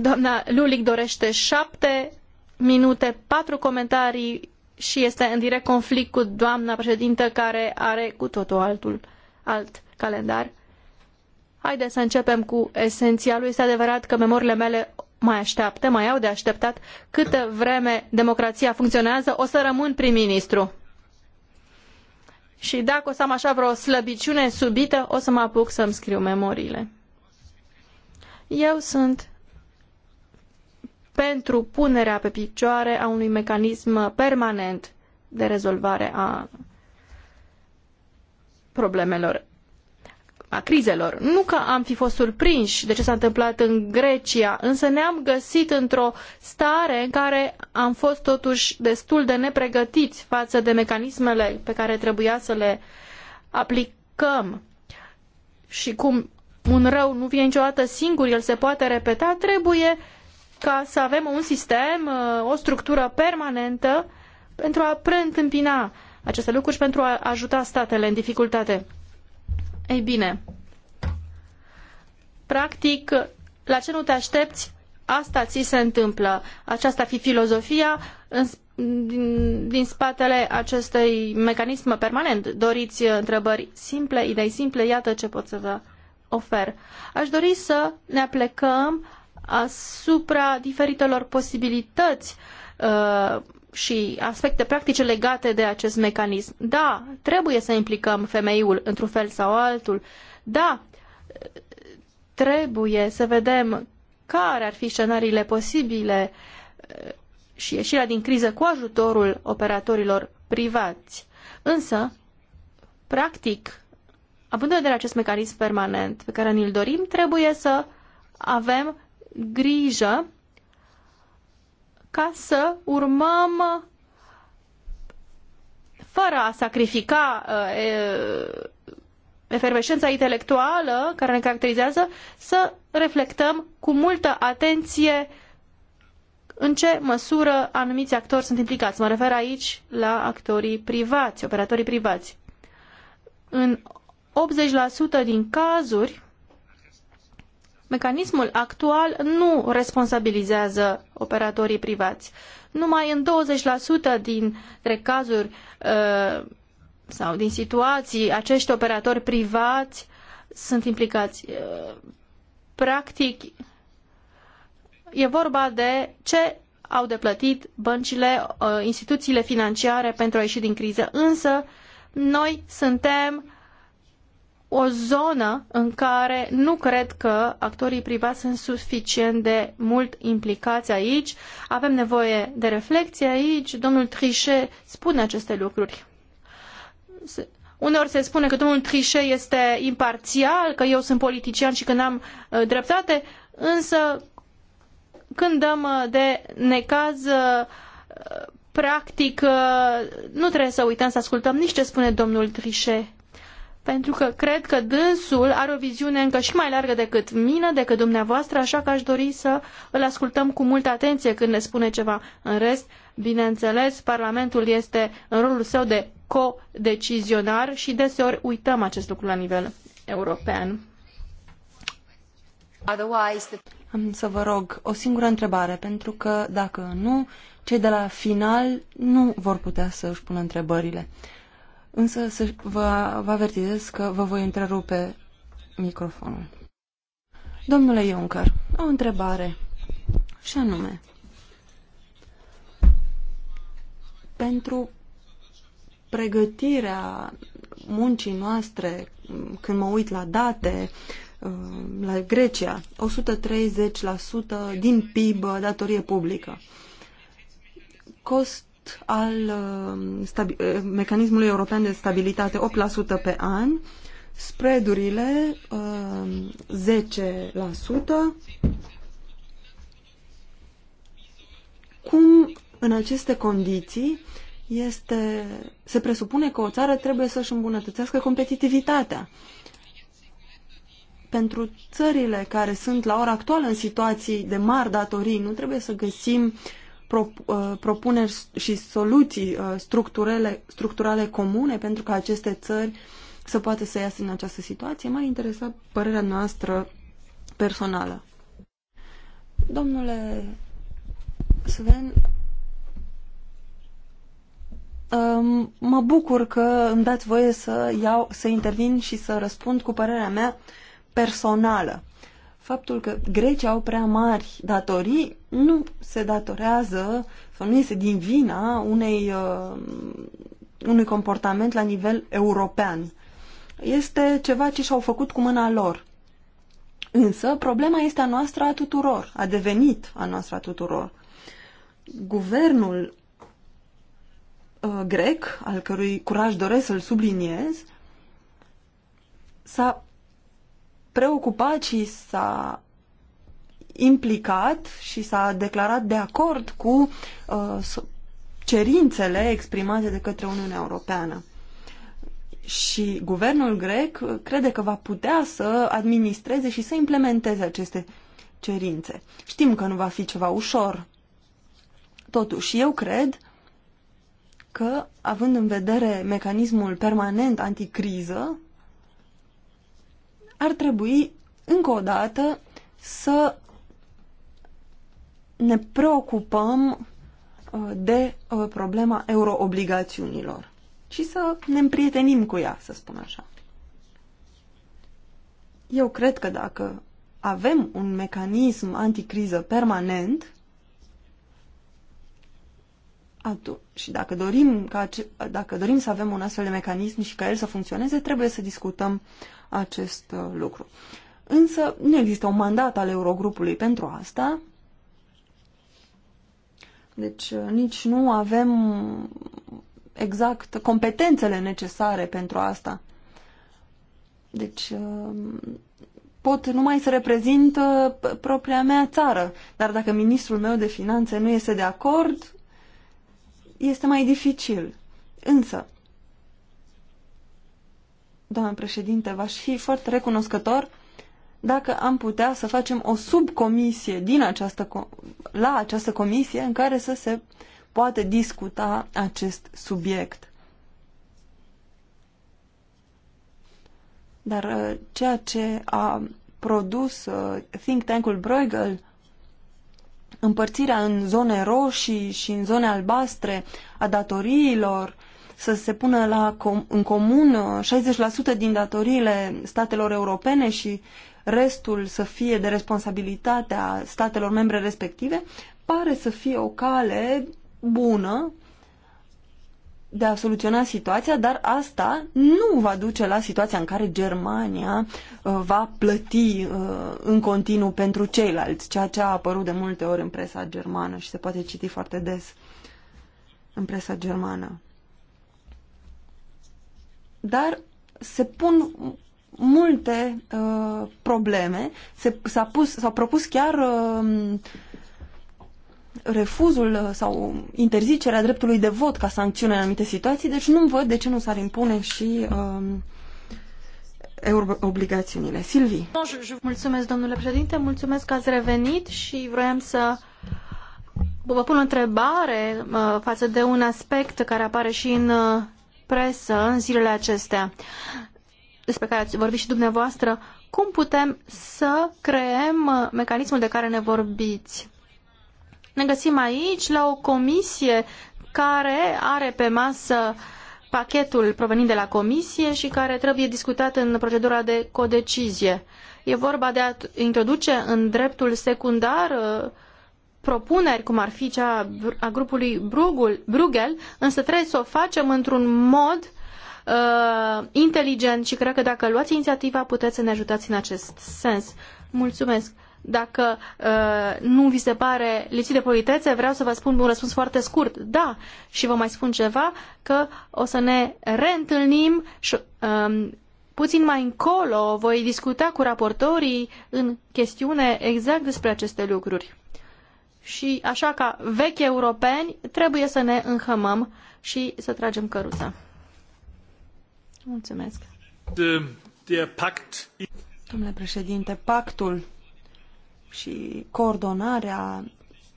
Doamna Lulic dorește șapte minute, patru comentarii și este în direct conflict cu doamna președintă care are cu totul altul alt calendar. Haideți să începem cu esențialul. Este adevărat că memoriile mele mai așteaptă, mai au de așteptat. Câtă vreme democrația funcționează, o să rămân prim-ministru. Și dacă o să am așa vreo slăbiciune subită, o să mă apuc să-mi scriu memoriile. Eu sunt pentru punerea pe picioare a unui mecanism permanent de rezolvare a problemelor a crizelor. Nu că am fi fost surprinși de ce s-a întâmplat în Grecia, însă ne-am găsit într-o stare în care am fost totuși destul de nepregătiți față de mecanismele pe care trebuia să le aplicăm. Și cum un rău nu vine niciodată singur, el se poate repeta, trebuie ca să avem un sistem, uh, o structură permanentă pentru a preîntâmpina aceste lucruri și pentru a ajuta statele în dificultate. Ei bine, practic, la ce nu te aștepți, asta ți se întâmplă. Aceasta fi filozofia în, din, din spatele acestui mecanism permanent. Doriți întrebări simple, idei simple, iată ce pot să vă ofer. Aș dori să ne aplecăm asupra diferitelor posibilități uh, și aspecte practice legate de acest mecanism. Da, trebuie să implicăm femeiul într-un fel sau altul. Da, trebuie să vedem care ar fi scenariile posibile uh, și ieșirea din criză cu ajutorul operatorilor privați. Însă, practic, având în vedere acest mecanism permanent pe care ni-l dorim, trebuie să avem grijă ca să urmăm fără a sacrifica uh, efervescența intelectuală care ne caracterizează, să reflectăm cu multă atenție în ce măsură anumiți actori sunt implicați. Mă refer aici la actorii privați, operatorii privați. În 80% din cazuri, mecanismul actual nu responsabilizează operatorii privați. Numai în 20% dintre cazuri uh, sau din situații, acești operatori privați sunt implicați. Uh, practic, e vorba de ce au de plătit băncile, uh, instituțiile financiare pentru a ieși din criză. Însă, noi suntem o zonă în care nu cred că actorii privați sunt suficient de mult implicați aici. Avem nevoie de reflexie aici. Domnul Trichet spune aceste lucruri. Uneori se spune că domnul Trichet este imparțial, că eu sunt politician și că n-am uh, dreptate, însă când dăm uh, de necaz uh, practic nu trebuie să uităm să ascultăm nici ce spune domnul Trichet pentru că cred că dânsul are o viziune încă și mai largă decât mine, decât dumneavoastră, așa că aș dori să îl ascultăm cu multă atenție când ne spune ceva. În rest, bineînțeles, Parlamentul este în rolul său de codecizionar și deseori uităm acest lucru la nivel european. Am să vă rog o singură întrebare, pentru că dacă nu, cei de la final nu vor putea să își pună întrebările. Însă să vă, vă avertizez că vă voi întrerupe microfonul. Domnule Juncker, o întrebare. Și anume, pentru pregătirea muncii noastre, când mă uit la date, uh, la Grecia, 130% din PIB datorie publică. Cost al uh, uh, mecanismului european de stabilitate, 8% pe an, spreadurile 10%. Uh, Cum în aceste condiții este, se presupune că o țară trebuie să-și îmbunătățească competitivitatea? pentru țările care sunt la ora actuală în situații de mari datorii, nu trebuie să găsim Uh, propuneri și soluții uh, structurale, structurale comune pentru ca aceste țări să poată să iasă în această situație, m-ar interesa părerea noastră personală. Domnule Sven, um, mă bucur că îmi dați voie să, iau, să intervin și să răspund cu părerea mea personală faptul că Grecia au prea mari datorii nu se datorează sau nu este din vina unei, uh, unui comportament la nivel european. Este ceva ce și-au făcut cu mâna lor. Însă, problema este a noastră a tuturor, a devenit a noastră a tuturor. Guvernul uh, grec, al cărui curaj doresc să-l subliniez, s-a preocupat și s-a implicat și s-a declarat de acord cu uh, cerințele exprimate de către Uniunea Europeană. Și guvernul grec crede că va putea să administreze și să implementeze aceste cerințe. Știm că nu va fi ceva ușor. Totuși, eu cred că, având în vedere mecanismul permanent anticriză, ar trebui încă o dată să ne preocupăm uh, de uh, problema euroobligațiunilor și să ne împrietenim cu ea, să spun așa. Eu cred că dacă avem un mecanism anticriză permanent atunci, și dacă dorim, ca, dacă dorim să avem un astfel de mecanism și ca el să funcționeze, trebuie să discutăm acest uh, lucru. Însă nu există un mandat al Eurogrupului pentru asta, deci uh, nici nu avem exact competențele necesare pentru asta. Deci uh, pot numai să reprezint propria mea țară, dar dacă ministrul meu de finanțe nu este de acord, este mai dificil. Însă, doamnă președinte, v-aș fi foarte recunoscător dacă am putea să facem o subcomisie din această, la această comisie în care să se poate discuta acest subiect. Dar uh, ceea ce a produs uh, think tank-ul Bruegel, împărțirea în zone roșii și în zone albastre a datoriilor, să se pună la com în comun 60% uh, din datoriile statelor europene și restul să fie de responsabilitatea statelor membre respective, pare să fie o cale bună de a soluționa situația, dar asta nu va duce la situația în care Germania uh, va plăti uh, în continuu pentru ceilalți, ceea ce a apărut de multe ori în presa germană și se poate citi foarte des în presa germană dar se pun multe uh, probleme. S-a, pus, s-a propus chiar um, uh, refuzul sau interzicerea dreptului de vot ca sancțiune în anumite situații, deci nu văd de ce nu s-ar impune și uh, obligațiunile. Silvi. Mulțumesc, domnule președinte, mulțumesc că ați revenit și vroiam să vă pun o întrebare uh, față de un aspect care apare și în uh, presă în zilele acestea, despre care ați vorbit și dumneavoastră, cum putem să creăm uh, mecanismul de care ne vorbiți? Ne găsim aici la o comisie care are pe masă pachetul provenind de la comisie și care trebuie discutat în procedura de codecizie. E vorba de a introduce în dreptul secundar uh, propuneri, cum ar fi cea a grupului Brugul, Bruegel, însă trebuie să o facem într-un mod uh, inteligent și cred că dacă luați inițiativa puteți să ne ajutați în acest sens. Mulțumesc! Dacă uh, nu vi se pare lipsit de politețe, vreau să vă spun un răspuns foarte scurt. Da, și vă mai spun ceva, că o să ne reîntâlnim și uh, puțin mai încolo voi discuta cu raportorii în chestiune exact despre aceste lucruri și așa ca vechi europeni trebuie să ne înhămăm și să tragem căruța. Mulțumesc. De, de pact... Domnule președinte, pactul și coordonarea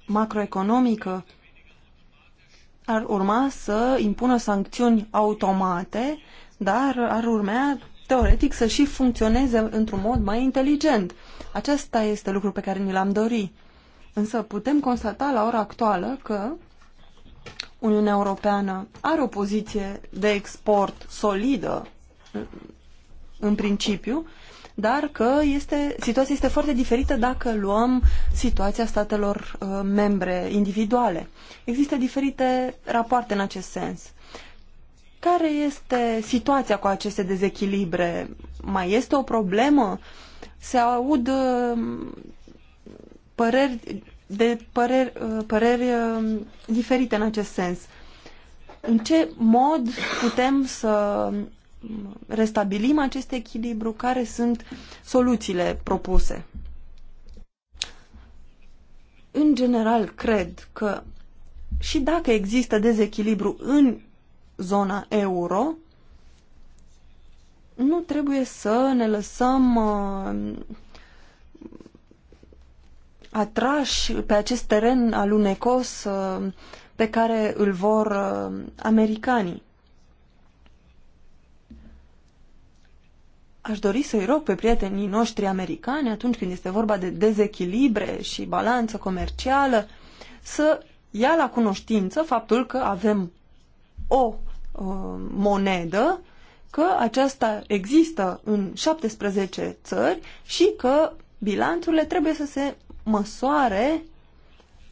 macroeconomică ar urma să impună sancțiuni automate, dar ar urmea teoretic să și funcționeze într-un mod mai inteligent. Acesta este lucrul pe care ni l-am dorit Însă putem constata la ora actuală că Uniunea Europeană are o poziție de export solidă în principiu, dar că este, situația este foarte diferită dacă luăm situația statelor uh, membre individuale. Există diferite rapoarte în acest sens. Care este situația cu aceste dezechilibre? Mai este o problemă? Se aud uh, păreri, de păreri, uh, păreri uh, diferite în acest sens. În ce mod putem să restabilim acest echilibru? Care sunt soluțiile propuse? În general, cred că și dacă există dezechilibru în zona euro, nu trebuie să ne lăsăm uh, atrași pe acest teren alunecos uh, pe care îl vor uh, americanii. Aș dori să-i rog pe prietenii noștri americani, atunci când este vorba de dezechilibre și balanță comercială, să ia la cunoștință faptul că avem o uh, monedă, că aceasta există în 17 țări și că bilanțurile trebuie să se măsoare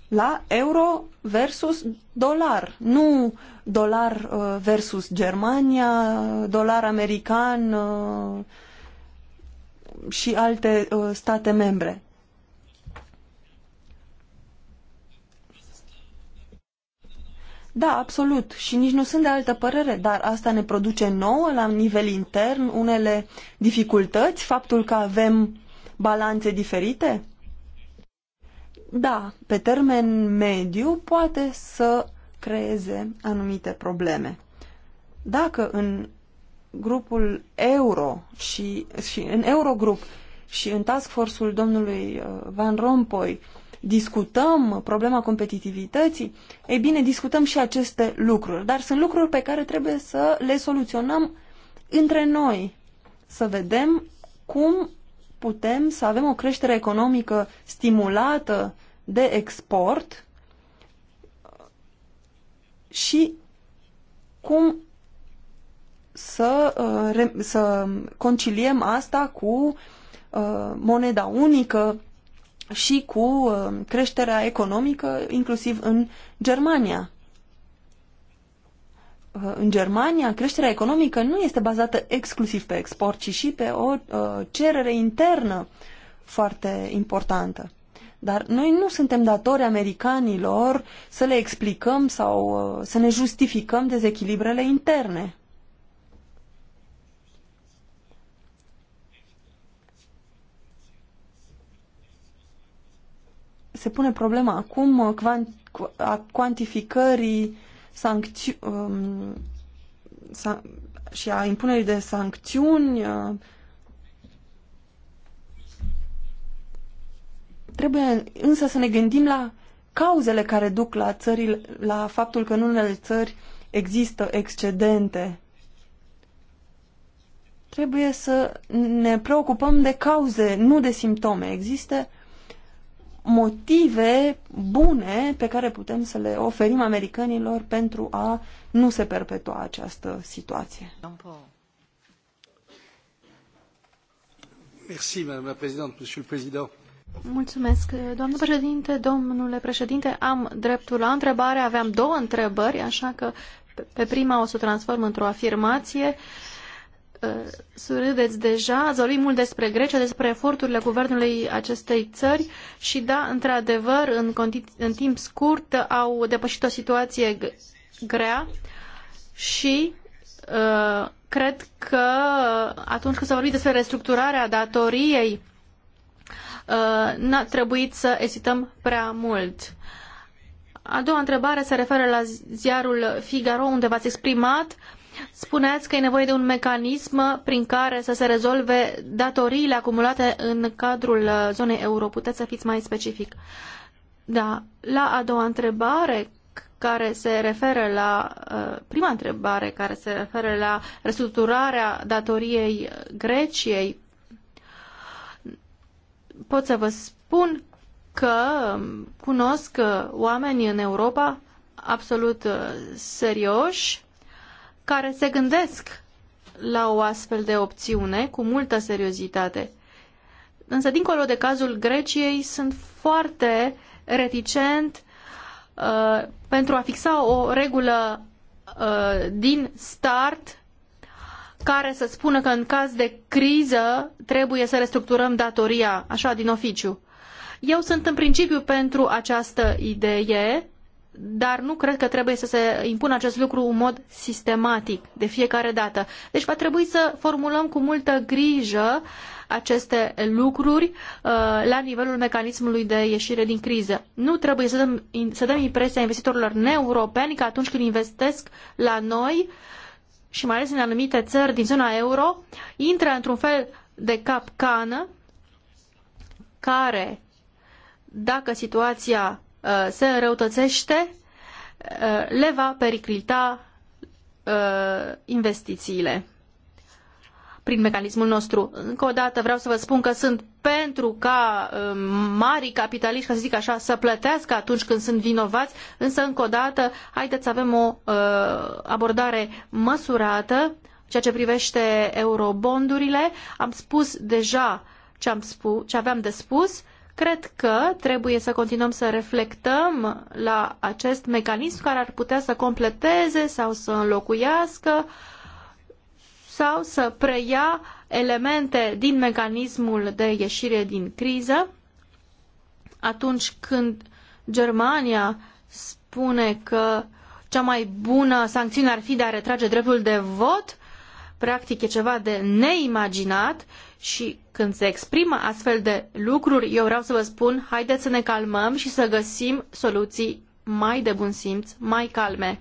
la euro versus dolar, nu dolar uh, versus Germania, dolar american uh, și alte uh, state membre. Da, absolut. Și nici nu sunt de altă părere, dar asta ne produce nouă, la nivel intern, unele dificultăți, faptul că avem balanțe diferite? da, pe termen mediu poate să creeze anumite probleme. Dacă în grupul euro și, și în Eurogrup și în task force-ul domnului uh, Van Rompuy discutăm problema competitivității, ei bine, discutăm și aceste lucruri, dar sunt lucruri pe care trebuie să le soluționăm între noi, să vedem cum putem să avem o creștere economică stimulată de export și cum să, uh, să conciliem asta cu uh, moneda unică și cu uh, creșterea economică, inclusiv în Germania. În Germania, creșterea economică nu este bazată exclusiv pe export, ci și pe o cerere internă foarte importantă. Dar noi nu suntem datori americanilor să le explicăm sau uh, să ne justificăm dezechilibrele interne. Se pune problema acum uh, a cuantificării sancțiunii um, și a impunerii de sancțiuni uh, Trebuie însă să ne gândim la cauzele care duc la, țări, la faptul că în unele țări există excedente. Trebuie să ne preocupăm de cauze, nu de simptome. Există motive bune pe care putem să le oferim americanilor pentru a nu se perpetua această situație. Merci, Madame la Présidente, Monsieur le Président. Mulțumesc, doamnă președinte, domnule președinte, am dreptul la întrebare, aveam două întrebări, așa că pe prima o să o transform într-o afirmație. Uh, Surâdeți deja, ați vorbit mult despre Grecia, despre eforturile guvernului acestei țări și da, într-adevăr, în, în timp scurt au depășit o situație grea și uh, cred că atunci când s-a vorbit despre restructurarea datoriei, Uh, n-a trebuit să ezităm prea mult. A doua întrebare se referă la ziarul Figaro, unde v-ați exprimat. Spuneați că e nevoie de un mecanism prin care să se rezolve datoriile acumulate în cadrul uh, zonei euro. Puteți să fiți mai specific. Da, la a doua întrebare care se referă la uh, prima întrebare care se referă la restructurarea datoriei Greciei pot să vă spun că cunosc uh, oameni în Europa absolut uh, serioși care se gândesc la o astfel de opțiune cu multă seriozitate. Însă, dincolo de cazul Greciei, sunt foarte reticent uh, pentru a fixa o regulă uh, din start care să spună că în caz de criză trebuie să restructurăm datoria, așa, din oficiu. Eu sunt în principiu pentru această idee, dar nu cred că trebuie să se impună acest lucru în mod sistematic de fiecare dată. Deci va trebui să formulăm cu multă grijă aceste lucruri uh, la nivelul mecanismului de ieșire din criză. Nu trebuie să dăm, să dăm impresia investitorilor neeuropeni că atunci când investesc la noi uh, și mai ales în anumite țări din zona euro, intră într-un fel de capcană care, dacă situația uh, se înrăutățește, uh, le va periclita uh, investițiile prin mecanismul nostru. Încă o dată vreau să vă spun că sunt pentru ca um, marii capitaliști, ca să zic așa, să plătească atunci când sunt vinovați, însă încă o dată haideți să avem o uh, abordare măsurată ceea ce privește eurobondurile. Am spus deja ce, am spus, ce aveam de spus. Cred că trebuie să continuăm să reflectăm la acest mecanism care ar putea să completeze sau să înlocuiască uh, sau să preia elemente din mecanismul de ieșire din criză atunci când Germania spune că cea mai bună sancțiune ar fi de a retrage dreptul de vot, practic e ceva de neimaginat și când se exprimă astfel de lucruri, eu vreau să vă spun, haideți să ne calmăm și să găsim soluții mai de bun simț, mai calme.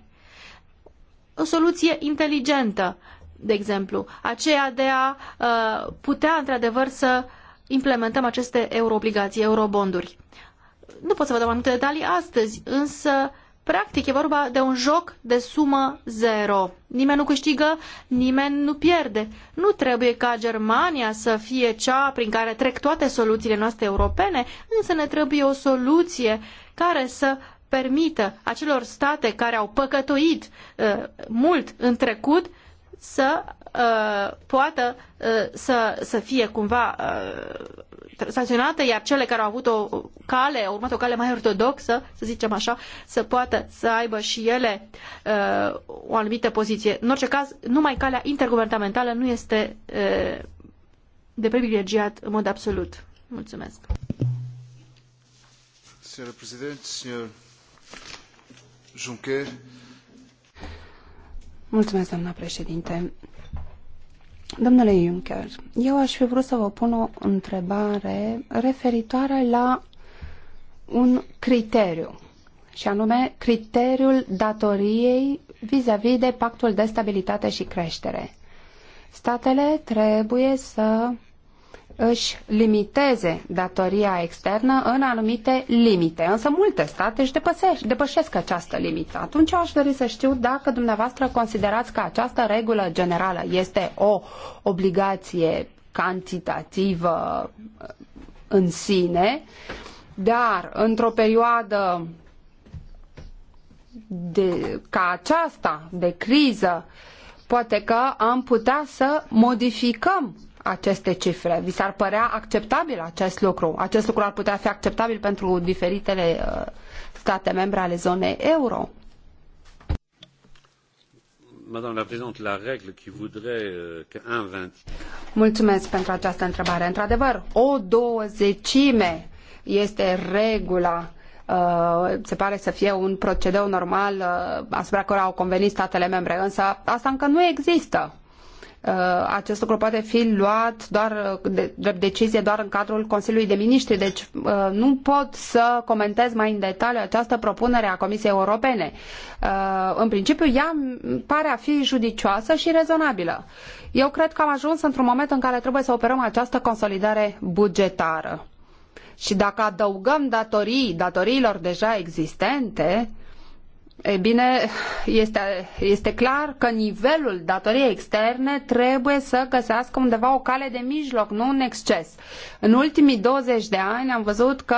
O soluție inteligentă de exemplu, aceea de a uh, putea într-adevăr să implementăm aceste euroobligații, eurobonduri. Nu pot să vă dau mai multe detalii astăzi, însă practic e vorba de un joc de sumă zero. Nimeni nu câștigă, nimeni nu pierde. Nu trebuie ca Germania să fie cea prin care trec toate soluțiile noastre europene, însă ne trebuie o soluție care să permită acelor state care au păcătuit uh, mult în trecut să uh, poată uh, să, să fie cumva uh, iar cele care au avut o cale, au urmat o cale mai ortodoxă, să zicem așa, să poată să aibă și ele uh, o anumită poziție. În orice caz, numai calea interguvernamentală nu este uh, de privilegiat în mod absolut. Mulțumesc. domnule președinte, domnule Juncker, Mulțumesc, doamna președinte. Domnule Juncker, eu aș fi vrut să vă pun o întrebare referitoare la un criteriu, și anume criteriul datoriei vis-a-vis -vis de pactul de stabilitate și creștere. Statele trebuie să își limiteze datoria externă în anumite limite. Însă multe state își depășesc această limită. Atunci aș dori să știu dacă dumneavoastră considerați că această regulă generală este o obligație cantitativă uh, în sine, dar într-o perioadă de, ca aceasta de criză, poate că am putea să modificăm aceste cifre? Vi s-ar părea acceptabil acest lucru? Acest lucru ar putea fi acceptabil pentru diferitele uh, state membre ale zonei euro? Madame la Présidente, la règle qui voudrait euh, que 1,20... Mulțumesc pentru această întrebare. Într-adevăr, o douăzecime este regula Uh, se pare să fie un procedeu normal uh, asupra care au convenit statele membre, însă asta încă nu există. Uh, acest lucru poate fi luat doar uh, de, drept decizie doar în cadrul Consiliului de Ministri, deci uh, nu pot să comentez mai în detaliu această propunere a Comisiei Europene. În principiu, ea pare a fi judicioasă și rezonabilă. Eu cred că am ajuns într-un moment în care trebuie să operăm această consolidare bugetară. Și dacă adăugăm datorii datoriilor deja existente, uh, bine, este, este clar că nivelul datoriei externe trebuie să găsească undeva o cale de mijloc, nu un exces. În ultimii 20 de ani am văzut că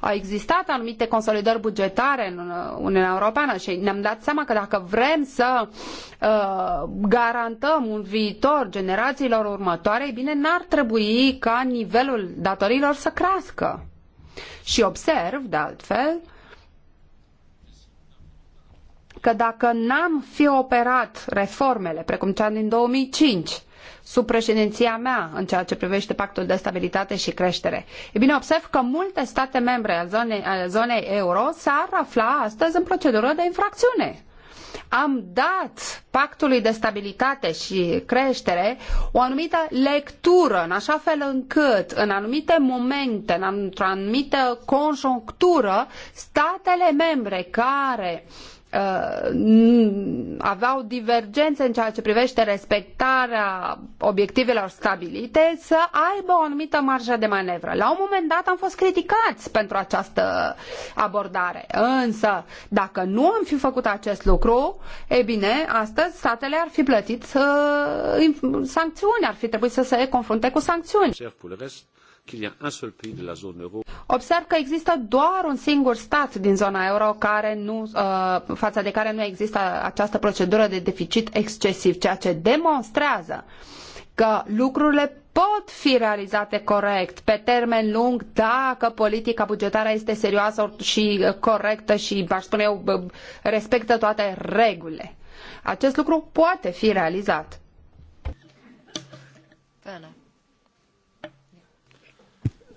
au existat anumite consolidări bugetare în Uniunea Europeană și ne-am dat seama că dacă vrem să uh, garantăm un viitor generațiilor următoare, ei bine, n-ar trebui ca nivelul datoriilor să crească. Și observ, de altfel, uh, că dacă n-am fi operat reformele, precum cea din 2005, sub președinția mea în ceea ce privește pactul de stabilitate și creștere. E bine, observ că multe state membre ale zonei, ale zonei euro s-ar afla astăzi în procedură de infracțiune. Am dat pactului de stabilitate și creștere o anumită lectură, în așa fel încât, în anumite momente, într-o anumită conjunctură, statele membre care uh, Uh, aveau divergențe în ceea ce privește respectarea obiectivelor stabilite, să aibă o anumită marjă de manevră. La un moment dat am fost criticați pentru această abordare, însă dacă nu am fi făcut acest lucru, e bine, astăzi statele ar fi plătit sancțiuni, ar fi trebuit să se confrunte cu sancțiuni qu'il y a un seul pays de la zone euro. Observ că există doar un singur stat din zona euro care nu, uh, față de care nu există această procedură de deficit excesiv, ceea ce demonstrează că lucrurile pot fi realizate corect, pe termen lung, dacă politica bugetară este serioasă și corectă și, aș spune eu, respectă toate regulile. Acest lucru poate fi realizat.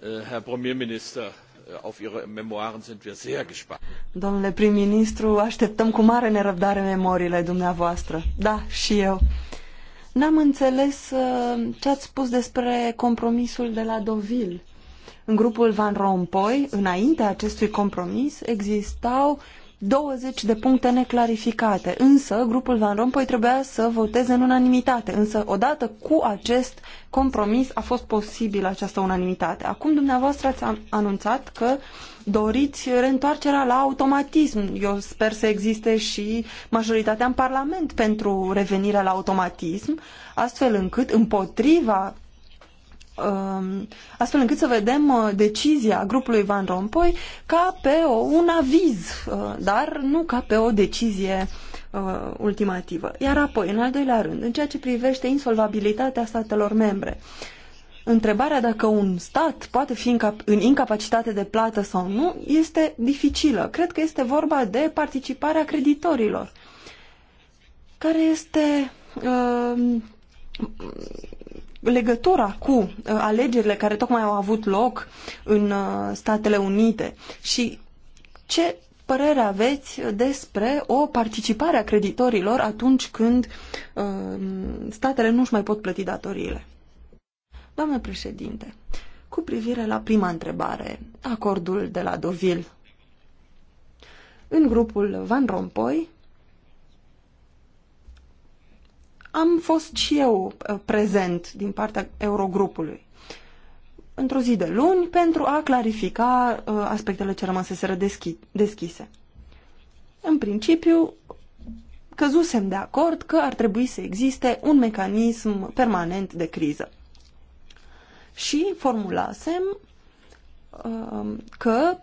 Äh, Herr Premierminister, äh, auf Ihre Memoiren sind wir sehr gespannt. Domnule prim-ministru, așteptăm cu mare nerăbdare memoriile dumneavoastră. Da, și eu. N-am înțeles uh, ce ați spus despre compromisul de la Deauville. În grupul Van Rompuy, înainte acestui compromis, existau 20 de puncte neclarificate, însă grupul Van Rompuy trebuia să voteze în unanimitate, însă odată cu acest compromis a fost posibilă această unanimitate. Acum dumneavoastră ați anunțat că doriți reîntoarcerea la automatism. Eu sper să existe și majoritatea în Parlament pentru revenirea la automatism, astfel încât împotriva Um, astfel încât să vedem uh, decizia grupului Van Rompuy ca pe o, un aviz, uh, dar nu ca pe o decizie uh, ultimativă. Iar apoi, în al doilea rând, în ceea ce privește insolvabilitatea statelor membre, întrebarea dacă un stat poate fi în incapacitate de plată sau nu este dificilă. Cred că este vorba de participarea creditorilor, care este uh, legătura cu uh, alegerile care tocmai au avut loc în uh, Statele Unite și ce părere aveți despre o participare a creditorilor atunci când uh, statele nu-și mai pot plăti datoriile? Doamne președinte, cu privire la prima întrebare, acordul de la Dovil. În grupul Van Rompuy Am fost și eu uh, prezent din partea Eurogrupului într-o zi de luni pentru a clarifica uh, aspectele ce rămăseseră deschise. În principiu, căzusem de acord că ar trebui să existe un mecanism permanent de criză. Și formulasem uh, că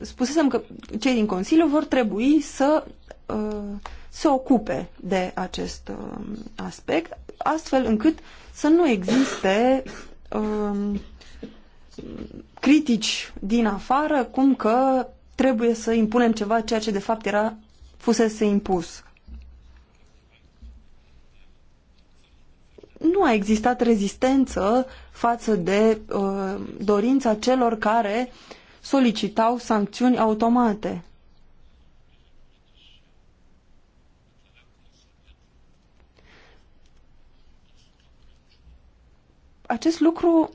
spusesem că cei din Consiliu vor trebui să Uh, se ocupe de acest uh, aspect, astfel încât să nu existe um, critici din afară, cum că trebuie să impunem ceva ceea ce de fapt era fusese impus. Nu a existat rezistență față de uh, dorința celor care solicitau sancțiuni automate. acest lucru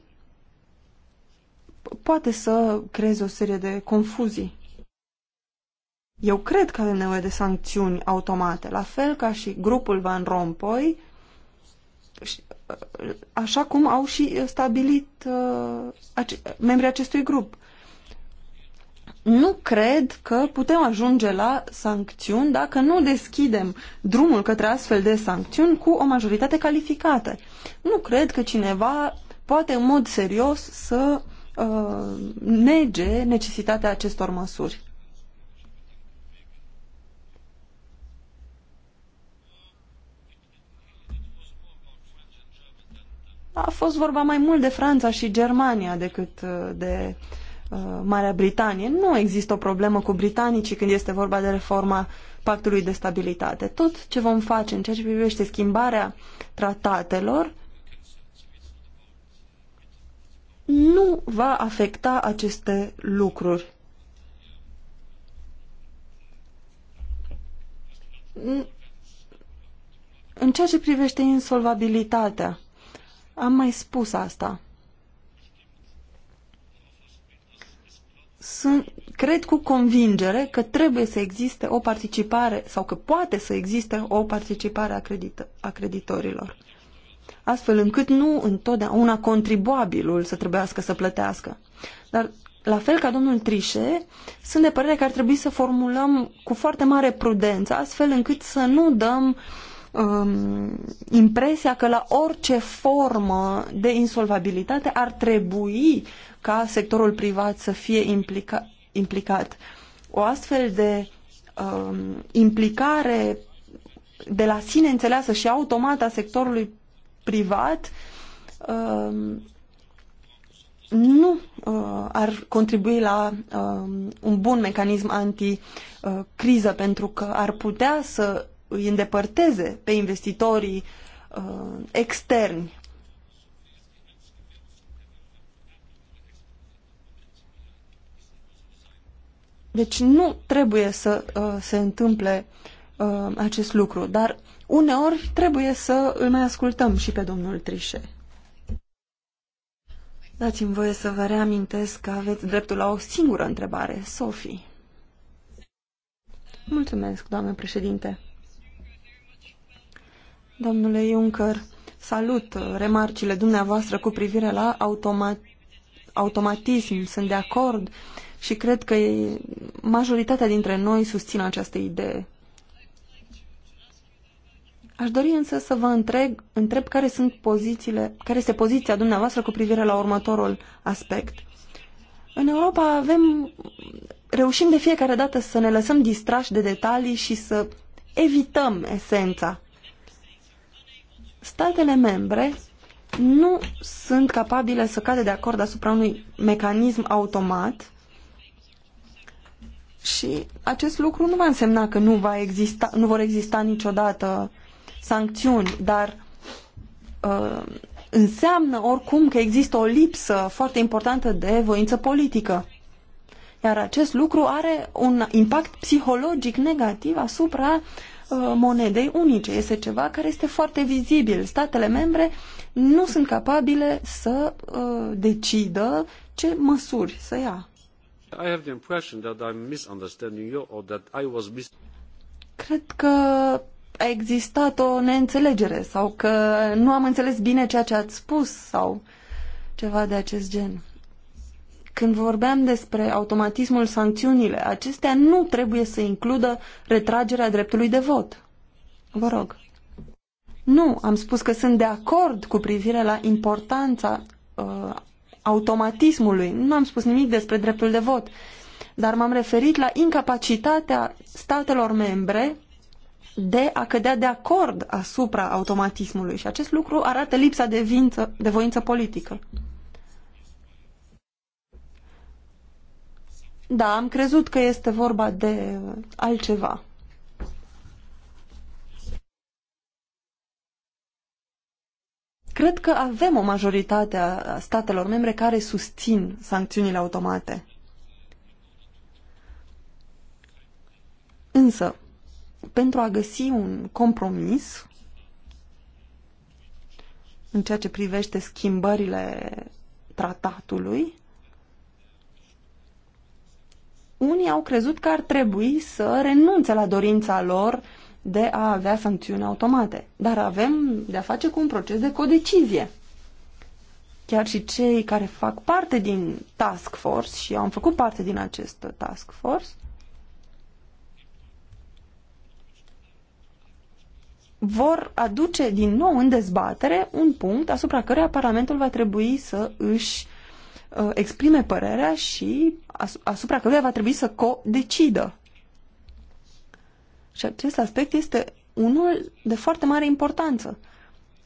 poate să creeze o serie de confuzii. Eu cred că avem nevoie de sancțiuni automate, la fel ca și grupul Van Rompuy, uh, așa cum au și stabilit uh, ace membrii acestui grup nu cred că putem ajunge la sancțiuni dacă nu deschidem drumul către astfel de sancțiuni cu o majoritate calificată. Nu cred că cineva poate în mod serios să uh, nege necesitatea acestor măsuri. A fost vorba mai mult de Franța și Germania decât uh, de uh, Uh, Marea Britanie. Nu există o problemă cu britanicii când este vorba de reforma pactului de stabilitate. Tot ce vom face în ceea ce privește schimbarea tratatelor nu va afecta aceste lucruri. În ceea ce privește insolvabilitatea, am mai spus asta. sunt, cred cu convingere că trebuie să existe o participare sau că poate să existe o participare a, credit, a creditorilor. Astfel încât nu întotdeauna contribuabilul să trebuiască să plătească. Dar, la fel ca domnul Trișe, sunt de părere că ar trebui să formulăm cu foarte mare prudență, astfel încât să nu dăm uh, um, impresia că la orice formă de insolvabilitate ar trebui ca sectorul privat să fie implica implicat. O astfel de um, implicare de la sine înțeleasă și automată a sectorului privat um, nu uh, ar contribui la uh, un bun mecanism anti-criză, uh, pentru că ar putea să îi îndepărteze pe investitorii uh, externi. Deci nu trebuie să uh, se întâmple uh, acest lucru, dar uneori trebuie să îl mai ascultăm și pe domnul Trișe. Dați-mi voie să vă reamintesc că aveți dreptul la o singură întrebare, Sophie. Mulțumesc, doamnă președinte. Domnule Juncker, salut uh, remarcile dumneavoastră cu privire la automatism. Sunt de acord și cred că majoritatea dintre noi susțin această idee. Aș dori însă să vă întreg, întreb care, sunt pozițiile, care este poziția dumneavoastră cu privire la următorul aspect. În Europa avem, reușim de fiecare dată să ne lăsăm distrași de detalii și să evităm esența statele membre nu sunt capabile să cadă de acord asupra unui mecanism automat și acest lucru nu va însemna că nu, va exista, nu vor exista niciodată sancțiuni, dar uh, înseamnă oricum că există o lipsă foarte importantă de voință politică. Iar acest lucru are un impact psihologic negativ asupra Uh, monedei unice. Este ceva care este foarte vizibil. Statele membre nu sunt capabile să uh, decidă ce măsuri să ia. I have the impression that I'm misunderstanding you or that I was mis- Cred că a existat o neînțelegere sau că nu am înțeles bine ceea ce ați spus sau ceva de acest gen. Când vorbeam despre automatismul sancțiunile, acestea nu trebuie să includă retragerea dreptului de vot. Vă rog. Nu, am spus că sunt de acord cu privire la importanța uh, automatismului. Nu am spus nimic despre dreptul de vot, dar m-am referit la incapacitatea statelor membre de a cădea de acord asupra automatismului și acest lucru arată lipsa de, vință, de voință politică. Da, am crezut că este vorba de altceva. Cred că avem o majoritate a statelor membre care susțin sancțiunile automate. Însă, pentru a găsi un compromis în ceea ce privește schimbările tratatului, unii au crezut că ar trebui să renunțe la dorința lor de a avea sancțiuni automate. Dar avem de-a face cu un proces de codecizie. Chiar și cei care fac parte din task force și am făcut parte din acest task force, vor aduce din nou în dezbatere un punct asupra căreia Parlamentul va trebui să își uh, Uh, exprime părerea și asupra căruia va trebui să co-decidă. Și acest aspect este unul de foarte mare importanță,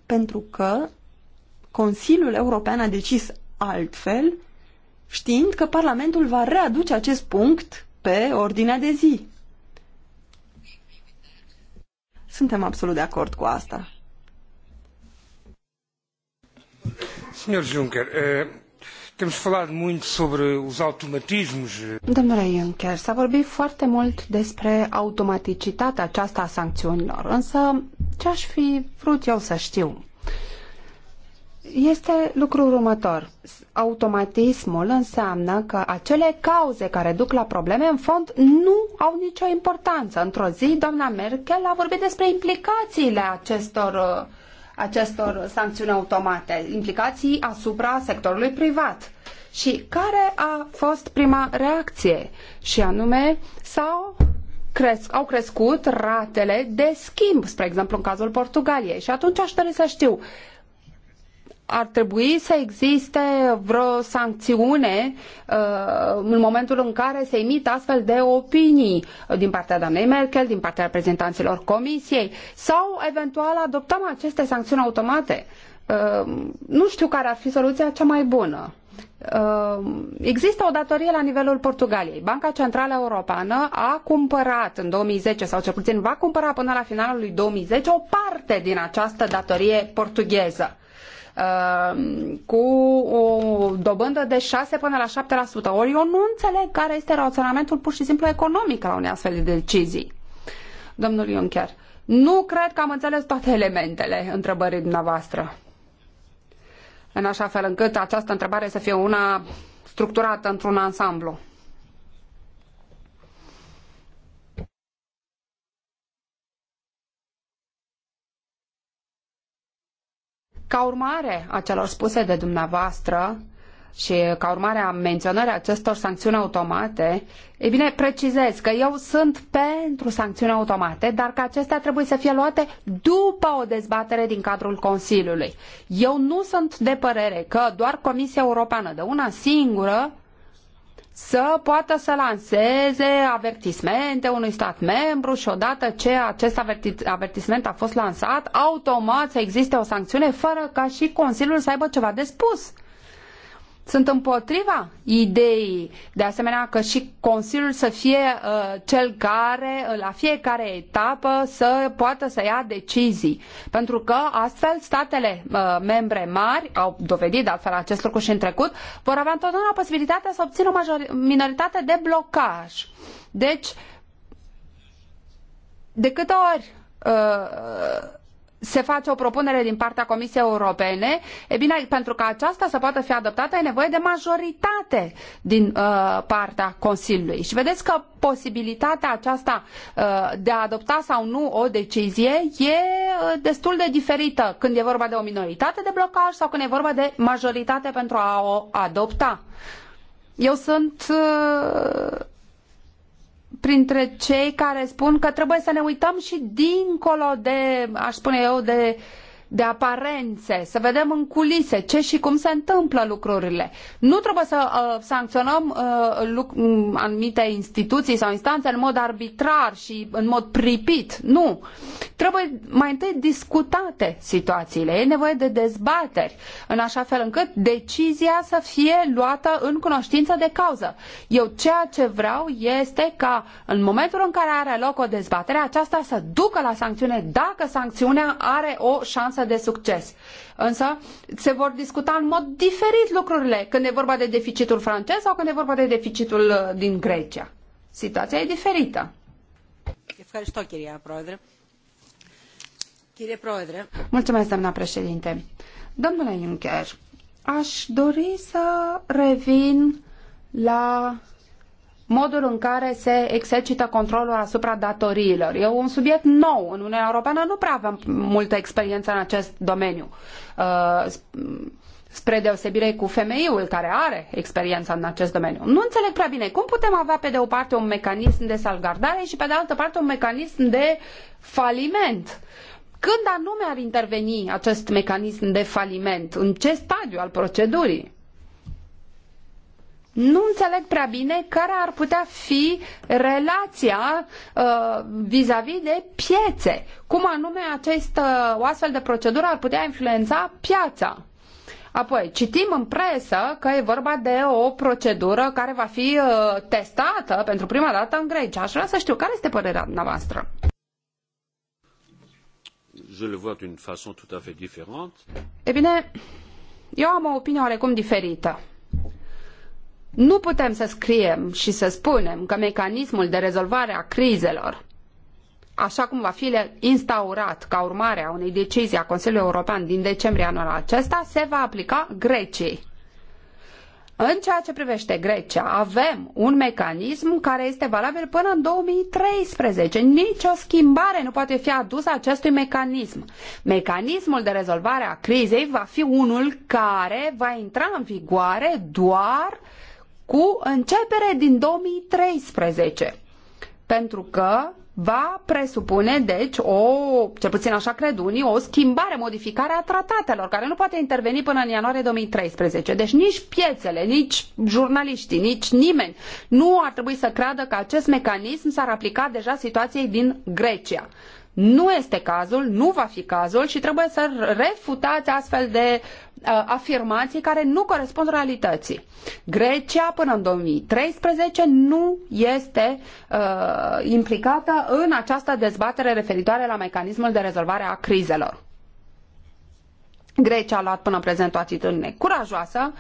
pentru că Consiliul European a decis altfel, știind că Parlamentul va readuce acest punct pe ordinea de zi. Suntem absolut de acord cu asta. Signor Juncker, eh, Temos falado muito sobre os automatismos. Domnule Juncker, s-a vorbit foarte mult despre automaticitatea aceasta a sancțiunilor, însă ce aș fi vrut eu să știu? Este lucrul următor. Automatismul înseamnă că acele cauze care duc la probleme, în fond, nu au nicio importanță. Într-o zi, doamna Merkel a vorbit despre implicațiile acestor uh, acestor sancțiuni automate, implicații asupra sectorului privat. Și care a fost prima reacție? Și anume, s-au cresc, au crescut ratele de schimb, spre exemplu în cazul Portugaliei. Și atunci aș dori să știu ar trebui să existe vreo sancțiune uh, în momentul în care se emit astfel de opinii din partea doamnei Merkel, din partea reprezentanților Comisiei sau eventual adoptăm aceste sancțiuni automate. Uh, nu știu care ar fi soluția cea mai bună. Uh, există o datorie la nivelul Portugaliei. Banca Centrală Europeană a cumpărat în 2010 sau cel puțin va cumpăra până la finalul lui 2010 o parte din această datorie portugheză. Uh, cu o dobândă de 6 până la 7%. Ori eu nu înțeleg care este raționamentul pur și simplu economic la unei astfel de decizii. Domnul Juncker, nu cred că am înțeles toate elementele întrebării dumneavoastră. În așa fel încât această întrebare să fie una structurată într-un ansamblu. Ca urmare a celor spuse de dumneavoastră și ca urmare a menționării acestor sancțiuni automate, e bine, precizez că eu sunt pentru sancțiuni automate, dar că acestea trebuie să fie luate după o dezbatere din cadrul Consiliului. Eu nu sunt de părere că doar Comisia Europeană de una singură să poată să lanseze avertismente unui stat membru și odată ce acest avertisment a fost lansat, automat să existe o sancțiune fără ca și Consiliul să aibă ceva de spus. Sunt împotriva ideii, de asemenea, că și Consiliul să fie uh, cel care, uh, la fiecare etapă, să poată să ia decizii. Pentru că astfel statele uh, membre mari, au dovedit de altfel acest lucru și în trecut, vor avea întotdeauna posibilitatea să obțină o major- minoritate de blocaj. Deci, de câte ori uh, se face o propunere din partea Comisiei Europene, e bine, pentru că aceasta să poată fi adoptată, e nevoie de majoritate din uh, partea Consiliului. Și vedeți că posibilitatea aceasta uh, de a adopta sau nu o decizie e uh, destul de diferită când e vorba de o minoritate de blocaj sau când e vorba de majoritate pentru a o adopta. Eu sunt uh, printre cei care spun că trebuie să ne uităm și dincolo de, aș spune eu, de de aparențe, să vedem în culise ce și cum se întâmplă lucrurile. Nu trebuie să uh, sancționăm uh, mm, anumite instituții sau instanțe în mod arbitrar și în mod pripit. Nu. Trebuie mai întâi discutate situațiile. E nevoie de dezbateri, în așa fel încât decizia să fie luată în cunoștință de cauză. Eu ceea ce vreau este ca în momentul în care are loc o dezbatere, aceasta să ducă la sancțiune dacă sancțiunea are o șansă șansă de succes. Însă se vor discuta în mod diferit lucrurile când e vorba de deficitul francez sau când e vorba de deficitul uh, din Grecia. Situația e diferită. Mulțumesc, doamna președinte. Domnule Juncker, aș dori să revin la modul în care se exercită controlul asupra datoriilor. E un subiect nou. În Uniunea Europeană nu prea avem multă experiență în acest domeniu. Uh, spre deosebire cu femeiul care are experiența în acest domeniu. Nu înțeleg prea bine cum putem avea pe de o parte un mecanism de salvgardare și pe de altă parte un mecanism de faliment. Când anume ar interveni acest mecanism de faliment? În ce stadiu al procedurii? nu înțeleg prea bine care ar putea fi relația uh, vis-a-vis uh, vis, de piețe. Cum anume acest, uh, o astfel de procedură ar putea influența piața. Apoi, citim în presă că e vorba de o procedură care va fi uh, testată pentru prima dată în Grecia. Aș vrea să știu care este părerea dumneavoastră. Je le vois d'une façon tout à fait différente. E bine, eu am o opinie oarecum diferită. Nu putem să scriem și să spunem că mecanismul de rezolvare a crizelor, așa cum va fi instaurat ca urmare a unei decizii a Consiliului European din decembrie anul acesta, se va aplica Greciei. În ceea ce privește Grecia, avem un mecanism care este valabil până în 2013. Nicio schimbare nu poate fi adusă acestui mecanism. Mecanismul de rezolvare a crizei va fi unul care va intra în vigoare doar uh, cu începere din 2013. Pentru că va presupune, deci, o, cel puțin așa cred unii, o schimbare, modificare a tratatelor, care nu poate interveni până în ianuarie 2013. Deci nici piețele, nici jurnaliștii, nici nimeni nu ar trebui să creadă că acest mecanism s-ar aplica deja situației din Grecia. Nu este cazul, nu va fi cazul și trebuie să refutați astfel de uh, afirmații care nu corespund realității. Grecia până în 2013 nu este uh, implicată în această dezbatere referitoare la mecanismul de rezolvare a crizelor. Grecia a luat până în prezent o atitudine curajoasă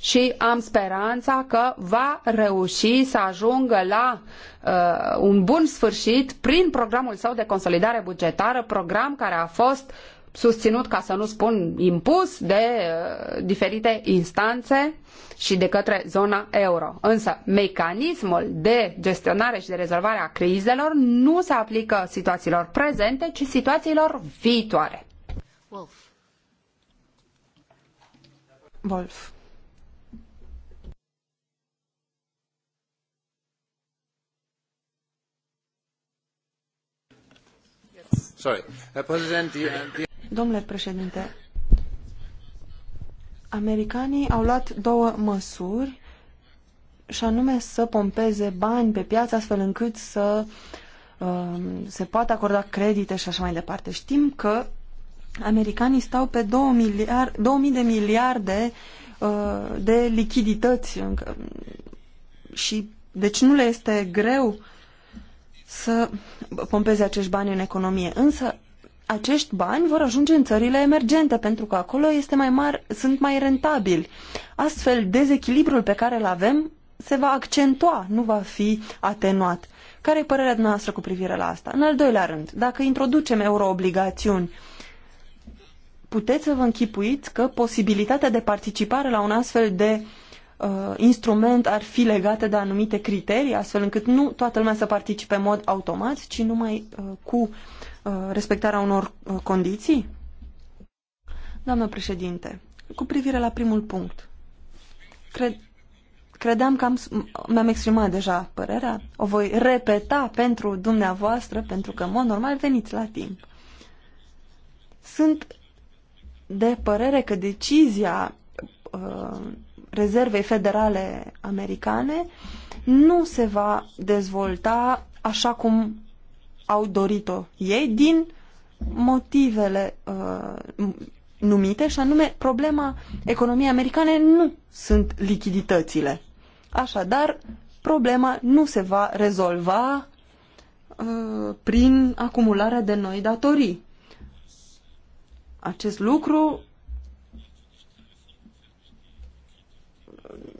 și am speranța că va reuși să ajungă la uh, un bun sfârșit prin programul său de consolidare bugetară, program care a fost uh, susținut, ca să nu spun impus, de uh, diferite instanțe și de către zona euro. Însă, mecanismul de gestionare și de rezolvare a crizelor nu se aplică situațiilor prezente, ci situațiilor viitoare. Wolf. Wolf. Sorry. Uh, Domnule președinte, americanii au luat două măsuri și anume să pompeze bani pe piață astfel încât să uh, se poată acorda credite și așa mai departe. Știm că americanii stau pe 2 miliard, 2000 de miliarde uh, de lichidități încă, și deci nu le este greu să pompeze acești bani în economie. Însă acești bani vor ajunge în țările emergente, pentru că acolo este mai mar, sunt mai rentabili. Astfel, dezechilibrul pe care îl avem se va accentua, nu va fi atenuat. Care e părerea noastră cu privire la asta? În al doilea rând, dacă introducem euroobligațiuni, puteți să vă închipuiți că posibilitatea de participare la un astfel de uh, instrument ar fi legată de anumite criterii, astfel încât nu toată lumea să participe în mod automat, ci numai uh, cu uh, Uh, respectarea unor uh, condiții? Doamnă președinte, cu privire la primul punct, cred, credeam că am, mi-am exprimat deja părerea, o voi repeta pentru dumneavoastră, pentru că, în mod normal, veniți la timp. Sunt de părere că decizia uh, rezervei federale americane nu se va dezvolta așa cum au dorit-o ei din motivele uh, numite și anume problema economiei americane nu sunt lichiditățile. Așadar, problema nu se va rezolva uh, prin acumularea de noi datorii. Acest lucru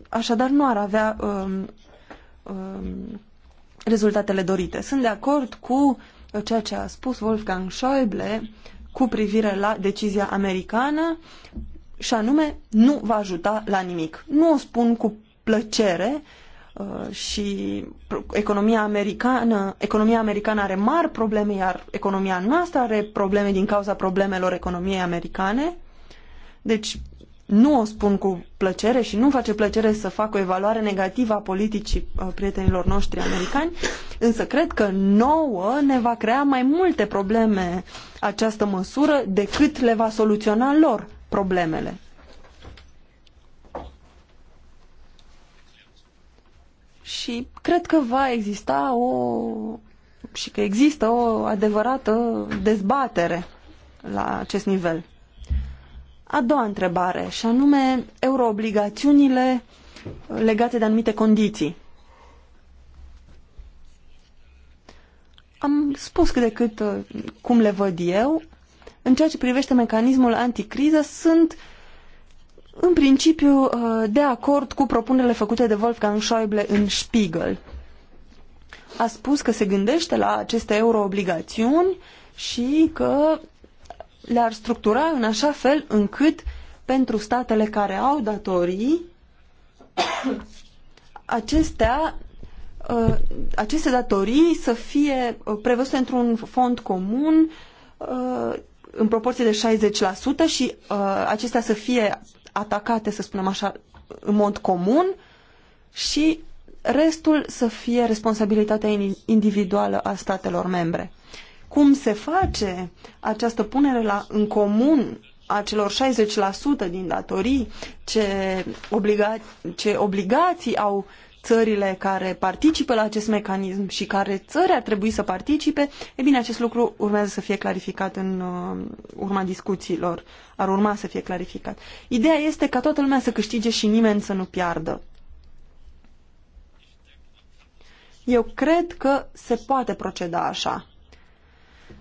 așadar nu ar avea um, um, rezultatele dorite. Sunt de acord cu ceea ce a spus Wolfgang Schäuble cu privire la decizia americană și anume nu va ajuta la nimic. Nu o spun cu plăcere uh, și economia americană, economia americană are mari probleme, iar economia noastră are probleme din cauza problemelor economiei americane. Deci nu o spun cu plăcere și nu face plăcere să fac o evaluare negativă a politicii uh, prietenilor noștri americani, însă cred că nouă ne va crea mai multe probleme această măsură decât le va soluționa lor problemele. Și cred că va exista o și că există o adevărată dezbatere la acest nivel. A doua întrebare, și anume euroobligațiunile legate de anumite condiții. Am spus cât de cât uh, cum le văd eu. În ceea ce privește mecanismul anticriză, sunt în principiu uh, de acord cu propunerile făcute de Wolfgang Schäuble în Spiegel. A spus că se gândește la aceste euroobligațiuni și că le-ar structura în așa fel încât pentru statele care au datorii, acestea, uh, aceste datorii să fie uh, prevăzute într-un fond comun uh, în proporție de 60% și acestea să fie atacate, să spunem așa, în mod comun și restul să fie responsabilitatea individuală a statelor membre cum se face această punere la, în comun a celor 60% din datorii, ce, obliga, ce obligații au țările care participă la acest mecanism și care țări ar trebui să participe, e bine, acest lucru urmează să fie clarificat în uh, urma discuțiilor, ar urma să fie clarificat. Ideea este ca toată lumea să câștige și nimeni să nu piardă. Eu cred că se poate proceda așa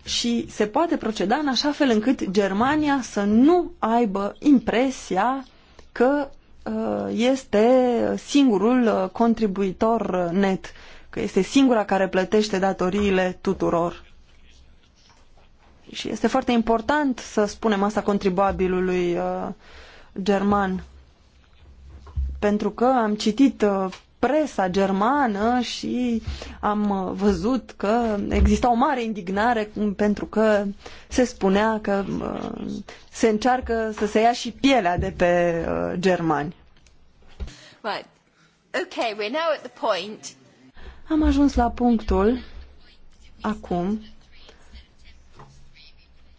și se poate proceda în așa fel încât Germania să nu aibă impresia că uh, este singurul uh, contribuitor uh, net, că este singura care plătește datoriile tuturor. Și este foarte important să spunem asta contribuabilului german, pentru că am citit presa germană și am văzut că exista o mare indignare pentru că se spunea că uh, se încearcă să se ia și pielea de pe uh, germani. Right. Okay, we're now at the point. Am ajuns la punctul acum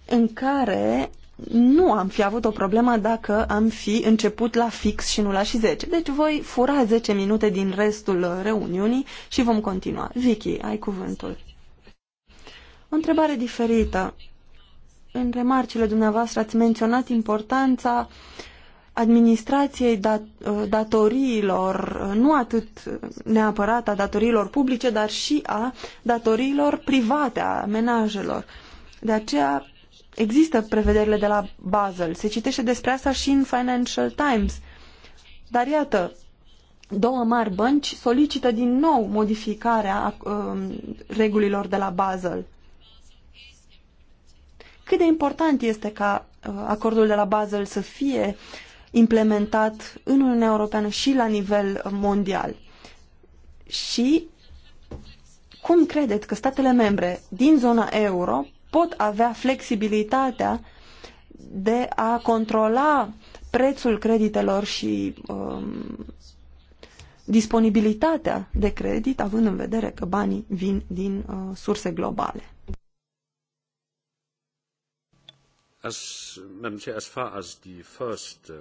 în care nu am fi avut o problemă dacă am fi început la fix și nu la și 10. Deci voi fura 10 minute din restul reuniunii și vom continua. Vicky, ai cuvântul. O întrebare diferită. În remarcile dumneavoastră ați menționat importanța administrației dat, datoriilor, nu atât neapărat a datoriilor publice, dar și a datoriilor private, a menajelor. De aceea Există prevederile de la Basel, se citește despre asta și în Financial Times. Dar iată, două mari bănci solicită din nou modificarea uh, regulilor de la Basel. Cât de important este ca uh, acordul de la Basel să fie implementat în Uniunea Europeană și la nivel mondial? Și cum credeți că statele membre din zona euro pot avea flexibilitatea de a controla prețul creditelor și um, disponibilitatea de credit, având în vedere că banii vin din uh, surse globale. As, as far as the first, uh,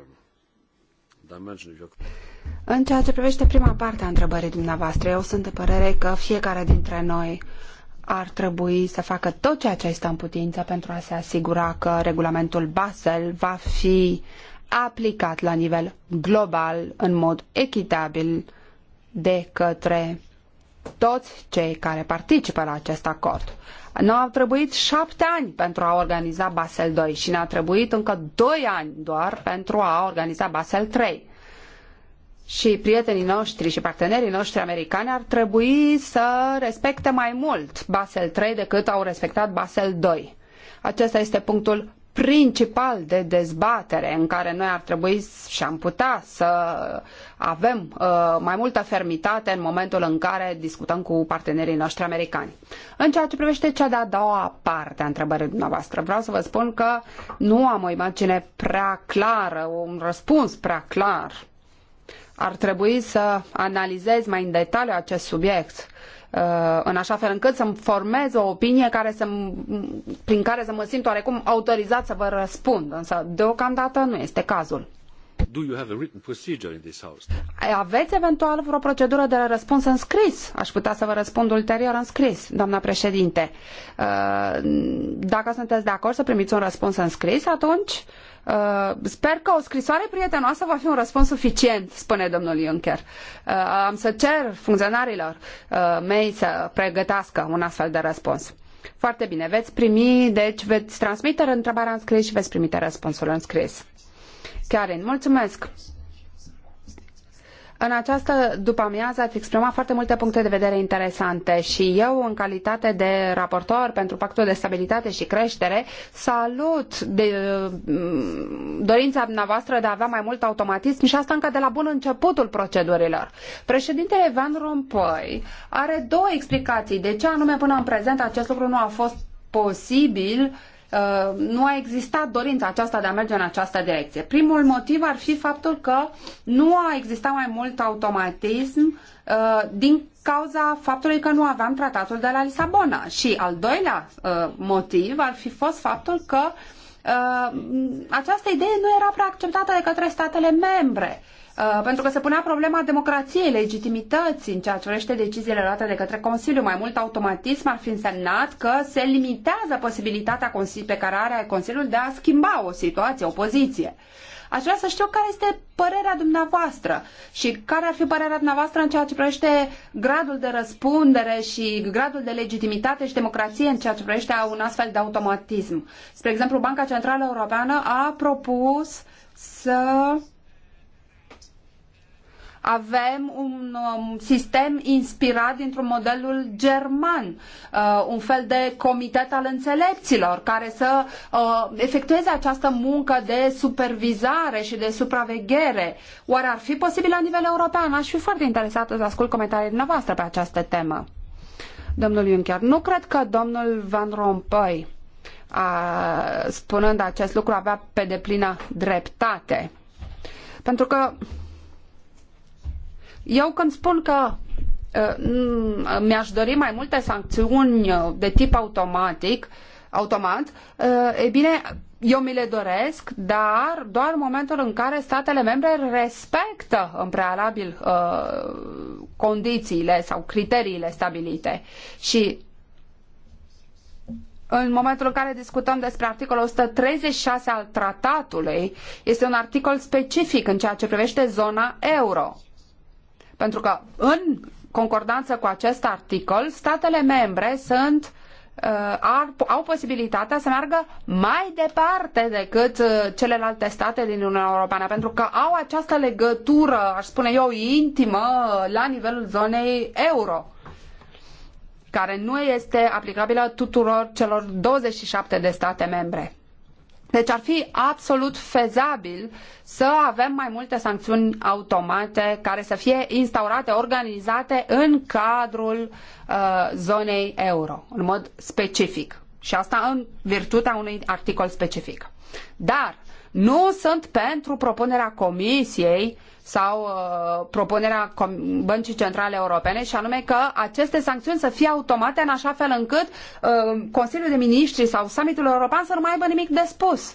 în ceea ce privește prima parte a întrebării dumneavoastră, eu sunt de părere că fiecare dintre noi ar trebui să facă tot ceea ce este în putință pentru a se asigura că regulamentul Basel va fi aplicat la nivel global în mod echitabil de către toți cei care participă la acest acord. Nu au trebuit șapte ani pentru a organiza Basel II și ne-a trebuit încă doi ani doar pentru a organiza Basel III și prietenii noștri și partenerii noștri americani ar trebui să respecte mai mult Basel III decât au respectat Basel II. Acesta este punctul principal de dezbatere în care noi ar trebui și am putea să avem uh, mai multă fermitate în momentul în care discutăm cu partenerii noștri americani. În ceea ce privește cea de-a doua parte a întrebării dumneavoastră, vreau să vă spun că nu am o imagine prea clară, un răspuns prea clar ar trebui să analizez mai în detaliu acest subiect uh, în așa fel încât să-mi formez o opinie care să prin care să mă simt oarecum autorizat să vă răspund, însă deocamdată nu este cazul. Do you have a written procedure in this house? Aveți eventual vreo procedură de răspuns în scris? Aș putea să vă răspund ulterior în scris, doamna președinte. Uh, dacă sunteți de acord să primiți un răspuns în scris, atunci Uh, sper că o scrisoare prietenoasă va fi un răspuns suficient, spune domnul Juncker. Uh, am să cer funcționarilor uh, mei să pregătească un astfel de răspuns. Foarte bine, veți primi, deci veți transmite întrebarea în scris și veți primi răspunsul în scris. Chiar mulțumesc! În această după-amiază ați exprimat foarte multe puncte de vedere interesante și eu, în calitate de raportor pentru Pactul de Stabilitate și Creștere, salut de, dorința dumneavoastră de a avea mai mult automatism și asta încă de la bun începutul procedurilor. Președintele Van Rompuy are două explicații de ce anume până în prezent acest lucru nu a fost posibil uh, Uh, nu a existat dorința aceasta de a merge în această direcție. Primul motiv ar fi faptul că nu a existat mai mult automatism uh, din cauza faptului că nu aveam tratatul de la Lisabona. Și al doilea uh, motiv ar fi fost faptul că această idee nu era prea acceptată de către statele membre. Uh, pentru că se punea problema democrației, legitimității în ceea ce privește deciziile luate de către Consiliu. Mai mult automatism ar fi însemnat că se limitează posibilitatea pe care are Consiliul de a schimba o situație, o poziție. Aș vrea să știu care este părerea dumneavoastră și care ar fi părerea dumneavoastră în ceea ce privește gradul de răspundere și gradul de legitimitate și democrație în ceea ce privește un astfel de automatism. Spre exemplu, Banca Centrală Europeană a propus să uh, avem un um, sistem inspirat dintr-un modelul german, uh, un fel de comitet al înțelepților care să uh, efectueze această muncă de supervizare și de supraveghere. Oare ar fi posibil la nivel european? Aș fi foarte interesată să ascult comentariile dumneavoastră pe această temă. Domnul Juncker, nu cred că domnul Van Rompuy a, spunând acest lucru avea pe deplină dreptate. Pentru că eu când spun că ă, mi-aș dori mai multe sancțiuni ă, de tip automatic, automat, ă, e bine, eu mi le doresc, dar doar în momentul în care statele membre respectă în prealabil uh, condițiile sau criteriile stabilite. Și în momentul în care discutăm despre articolul 136 al tratatului, este un articol specific în ceea ce privește zona euro. Pentru că în concordanță cu acest articol, statele membre sunt uh, ar, au posibilitatea să meargă mai departe decât uh, celelalte state din Uniunea Europeană, pentru că au această legătură, aș spune eu, intimă la nivelul zonei euro, care nu este aplicabilă tuturor celor 27 de state membre. Deci ar fi absolut fezabil să avem mai multe sancțiuni automate care să fie instaurate, organizate în cadrul uh, zonei euro, în mod specific. Și asta în virtutea unui articol specific. Dar nu sunt pentru propunerea Comisiei sau uh, propunerea Com Băncii Centrale Europene și anume că aceste sancțiuni să fie automate în așa fel încât uh, Consiliul de Ministri sau summitul european să nu mai aibă nimic de spus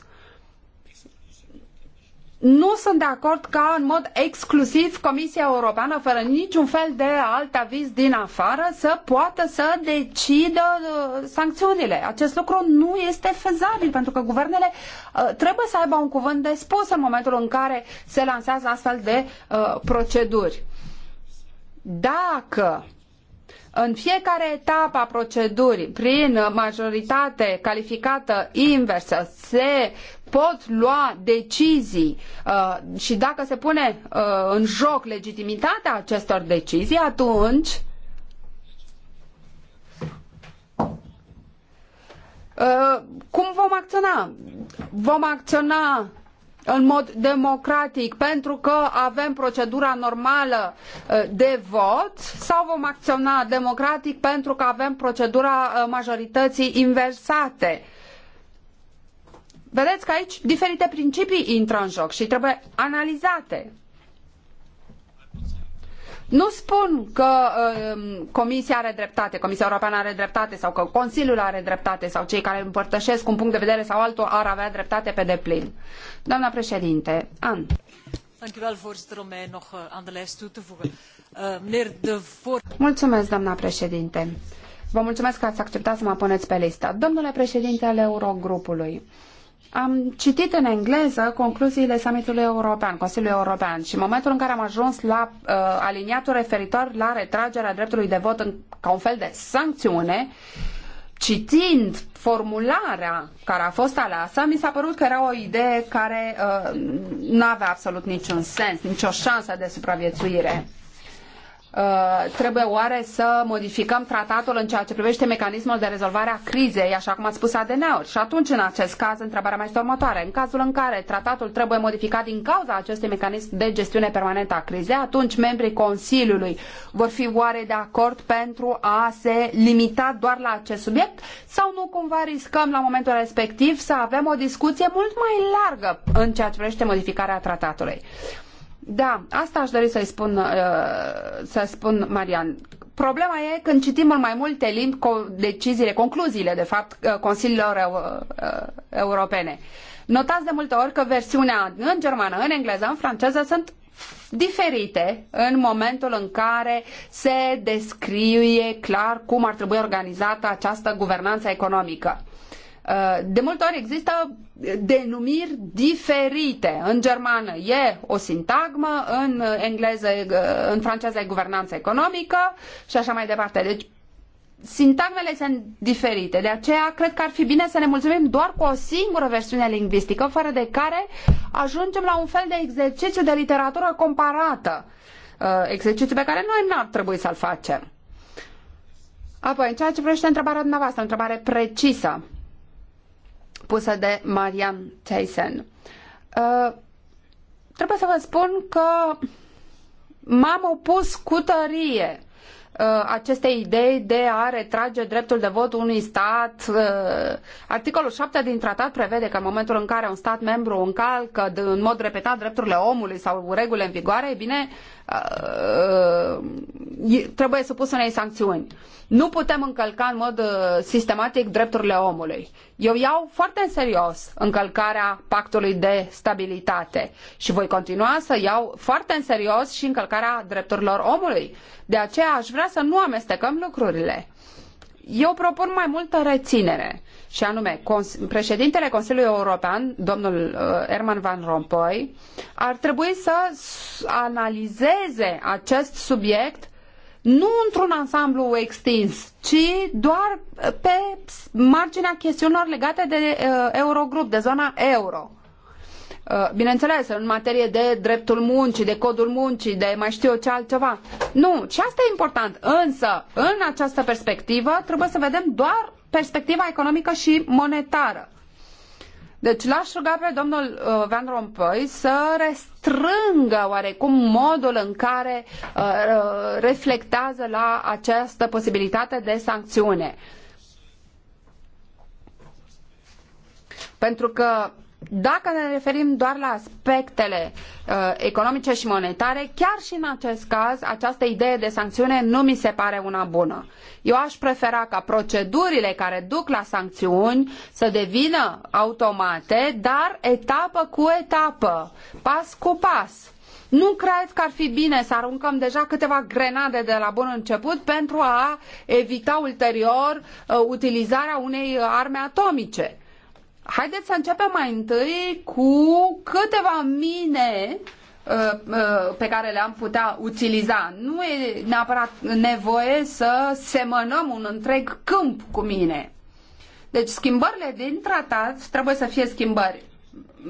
nu sunt de acord ca în mod exclusiv Comisia Europeană, fără niciun fel de alt aviz din afară, să poată să decidă uh, sancțiunile. Acest lucru nu este fezabil, pentru că guvernele uh, trebuie să aibă un cuvânt de spus în momentul în care se lansează astfel de uh, proceduri. Dacă în fiecare etapă a procedurii, prin majoritate calificată inversă, se pot lua decizii uh, și dacă se pune uh, în joc legitimitatea acestor decizii, atunci uh, cum vom acționa? Vom acționa în mod democratic pentru că avem procedura normală uh, de vot sau vom acționa democratic pentru că avem procedura uh, majorității inversate? Uh, Vedeți că aici diferite principii intră în joc și trebuie analizate. Nu spun că uh, Comisia are dreptate, Comisia Europeană are dreptate sau că Consiliul are dreptate sau cei care împărtășesc un punct de vedere sau altul ar avea dreptate pe deplin. Doamna președinte, An. Eh, eh, mulțumesc, doamna președinte. Vă mulțumesc că ați acceptat să mă puneți pe listă. Domnule președinte al Eurogrupului, am citit în engleză concluziile summitului european, Consiliului European și în momentul în care am ajuns la uh, aliniatul referitor la retragerea dreptului de vot în, ca un fel de sancțiune, citind formularea care a fost aleasă, mi s-a părut că era o idee care uh, nu avea absolut niciun sens, nicio șansă de supraviețuire. Uh, trebuie oare să modificăm tratatul în ceea ce privește mecanismul de rezolvare a crizei, așa cum a spus ADN-uri? Și atunci, în acest caz, întrebarea mea este următoare. În cazul în care tratatul trebuie modificat din cauza acestui mecanism de gestiune permanentă a crizei, atunci membrii Consiliului vor fi oare de acord pentru a se limita doar la acest subiect sau nu cumva riscăm la momentul respectiv să avem o discuție mult mai largă în ceea ce privește modificarea tratatului? Da, asta aș dori să-i spun, uh, să spun Marian. Problema e când citim în mai multe limbi deciziile, concluziile, de fapt, uh, Consiliilor uh, Europene. Notați de multe ori că versiunea în germană, în engleză, în franceză sunt diferite în momentul în care se descrie clar cum ar trebui organizată această guvernanță economică de multe ori există denumiri diferite. În germană e o sintagmă, în engleză, în franceză e guvernanță economică și așa mai departe. Deci sintagmele sunt diferite, de aceea cred că ar fi bine să ne mulțumim doar cu o singură versiune lingvistică, fără de care ajungem la un fel de exercițiu de literatură comparată, uh, exercițiu pe care noi n-ar trebui să-l facem. Apoi, în ceea ce privește întrebarea dumneavoastră, întrebare precisă, spusă de Marian Tyson. Uh, trebuie să vă spun că m-am opus cu tărie aceste uh, acestei idei de a retrage dreptul de vot unui stat. Uh, articolul 7 din tratat prevede că în momentul în care un stat membru încalcă în mod repetat drepturile omului sau regulile în vigoare, e bine, Uh, trebuie să pusă unei sancțiuni. Nu putem încălca în mod uh, sistematic drepturile omului. Eu iau foarte în serios încălcarea pactului de stabilitate și voi continua să iau foarte în serios și încălcarea drepturilor omului. De aceea aș vrea să nu amestecăm lucrurile. Eu propun mai multă reținere, și anume, președintele Consiliului European, domnul uh, Herman Van Rompuy, ar trebui să analizeze acest subiect nu într-un ansamblu extins, ci doar pe marginea chestiunilor legate de uh, Eurogrup, de zona euro. Uh, bineînțeles, în materie de dreptul muncii, de codul muncii, de mai știu eu ce altceva. Nu, și asta e important. Însă, în această perspectivă, trebuie să vedem doar perspectiva economică și monetară. Deci l-aș ruga pe domnul uh, Van Rompuy să restrângă oarecum modul în care uh, uh reflectează la această posibilitate de sancțiune. Pentru că dacă ne referim doar la aspectele uh, economice și monetare, chiar și în acest caz, această idee de sancțiune nu mi se pare una bună. Eu aș prefera ca procedurile care duc la sancțiuni să devină automate, dar etapă cu etapă, pas cu pas. Nu cred că ar fi bine să aruncăm deja câteva grenade de la bun început pentru a evita ulterior uh, utilizarea unei arme atomice Haideți să începem mai întâi cu câteva mine uh, uh, pe care le-am putea utiliza. Nu e neapărat nevoie să semănăm un întreg câmp cu mine. Deci schimbările din tratat trebuie să fie schimbări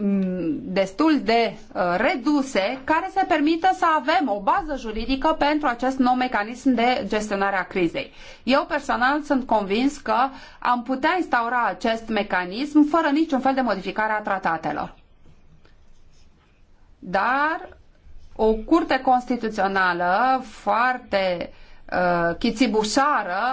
Mm, destul de uh, reduse care să permită să avem o bază juridică pentru acest nou mecanism de gestionare a crizei. Eu personal sunt convins că am putea instaura acest mecanism fără niciun fel de modificare a tratatelor. Dar o curte constituțională foarte uh,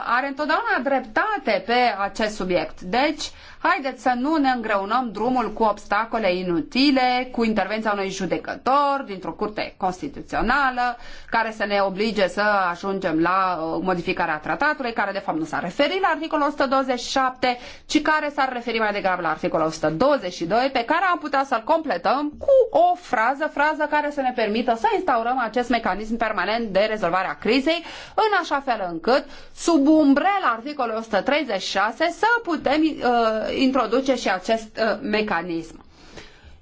are întotdeauna dreptate pe acest subiect. Deci, uh, Haideți să nu ne îngreunăm drumul cu obstacole inutile, cu intervenția unui judecător dintr-o curte constituțională, care să ne oblige să ajungem la uh, modificarea tratatului, care de fapt nu s-a referit la articolul 127, ci care s-ar referi mai degrabă la articolul 122, pe care am putea să-l completăm cu o frază, frază care să ne permită să instaurăm acest mecanism permanent de rezolvare a crizei, în așa fel încât, sub umbrela articolului 136, să putem uh, introduce și acest uh, mecanism.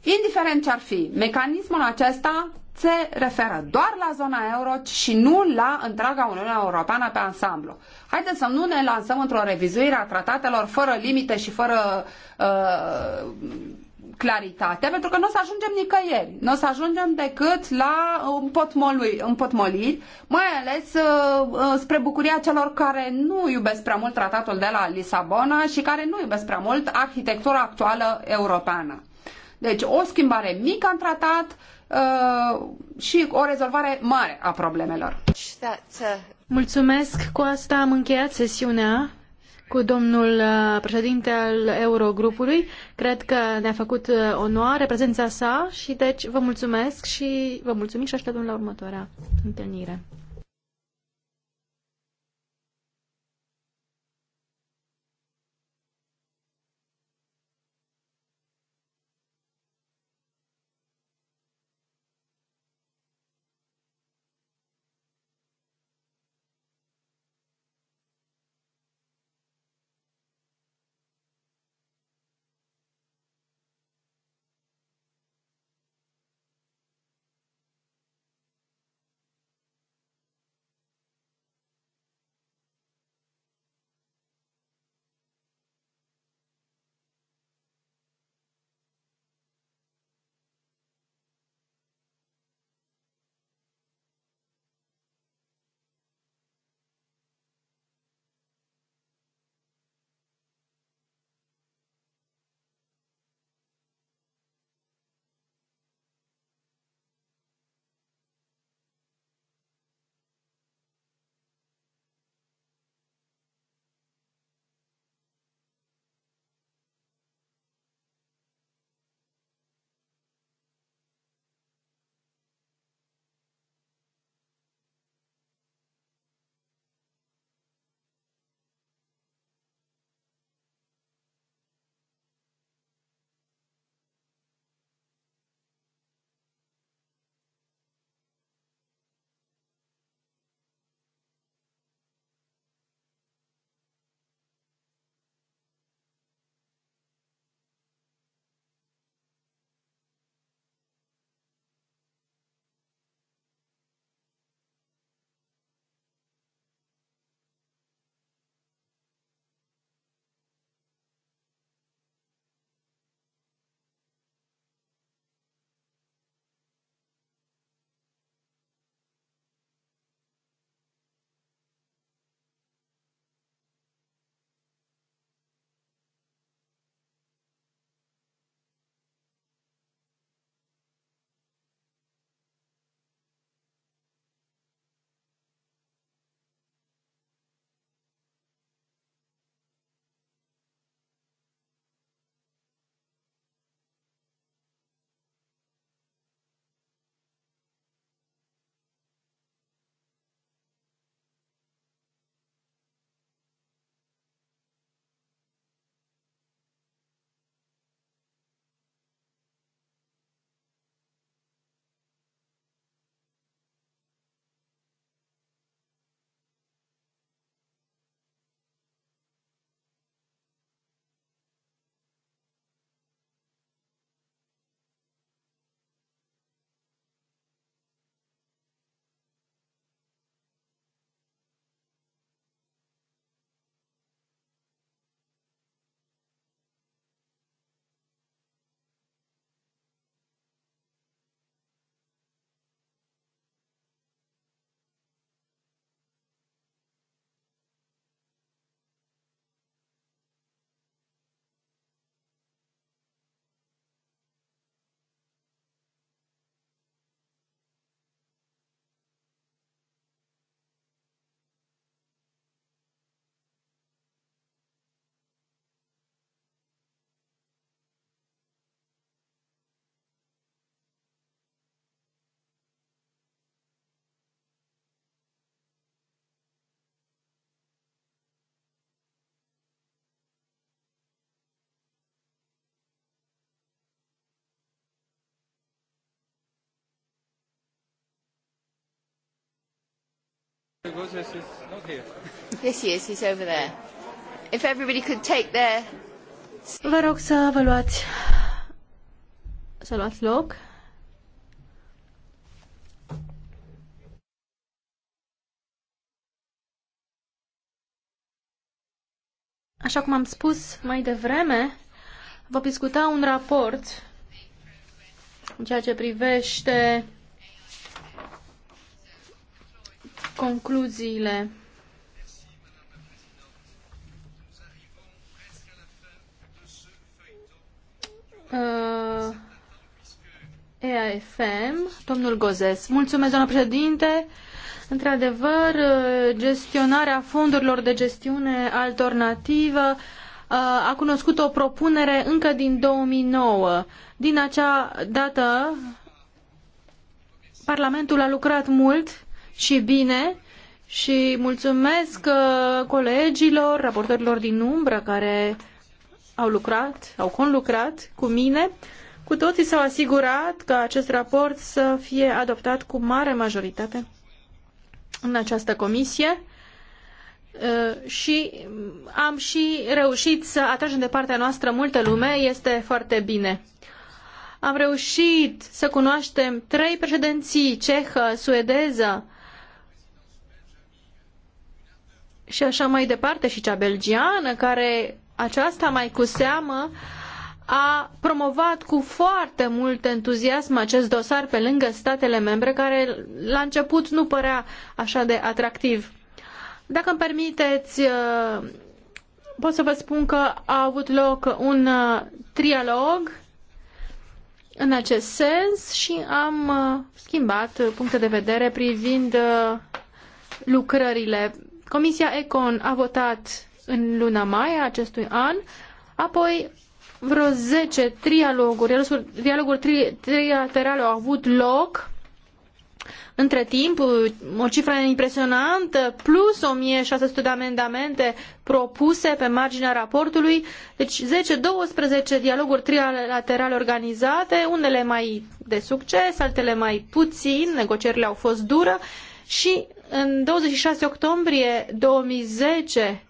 Indiferent ce ar fi, mecanismul acesta se referă doar la zona euro și nu la întreaga Uniune Europeană pe ansamblu. Haideți să nu ne lansăm într-o revizuire a tratatelor fără limite și fără uh, claritatea, pentru că nu o să ajungem nicăieri. Nu o să ajungem decât la împotmoliri, mai ales uh, uh, spre bucuria celor care nu iubesc prea mult tratatul de la Lisabona și care nu iubesc prea mult arhitectura actuală europeană. Deci o schimbare mică în tratat uh, și o rezolvare mare a problemelor. Mulțumesc, cu asta am încheiat sesiunea cu domnul uh, președinte al Eurogrupului. Cred că ne-a făcut uh, onoare prezența sa și deci vă mulțumesc și vă mulțumim și așteptăm la următoarea întâlnire. Gozes is not here. Yes, he is. He's over there. If everybody could take their... Vă rog să vă luați, să luați loc. Așa cum am spus mai devreme, vom discuta un raport în ceea ce privește concluziile. Uh, EAFM, domnul Gozes. Mulțumesc, doamnă președinte. Într-adevăr, gestionarea fondurilor de gestiune alternativă uh, a cunoscut o propunere încă din 2009. Din acea dată, Parlamentul a lucrat mult și bine și mulțumesc uh, colegilor, raportorilor din umbră care au lucrat, au conlucrat cu mine. Cu toții s-au asigurat că acest raport să fie adoptat cu mare majoritate în această comisie uh, și am și reușit să atragem de partea noastră multă lume, este foarte bine. Am reușit să cunoaștem trei președinții, cehă, suedeză, și așa mai departe, și cea belgiană, care aceasta mai cu seamă a promovat cu foarte mult entuziasm acest dosar pe lângă statele membre, care la început nu părea așa de atractiv. Dacă îmi permiteți, uh, pot să vă spun că a avut loc un uh, trialog în acest sens și am uh, schimbat puncte de vedere privind lucrările Comisia Econ a votat în luna mai a acestui an, apoi vreo 10 trialoguri, dialoguri tri, trilaterale au avut loc între timp, o cifră impresionantă, plus 1600 de amendamente propuse pe marginea raportului, deci 10-12 dialoguri trilaterale organizate, unele mai de succes, altele mai puțin, negocierile au fost dure și în 26 octombrie 2010,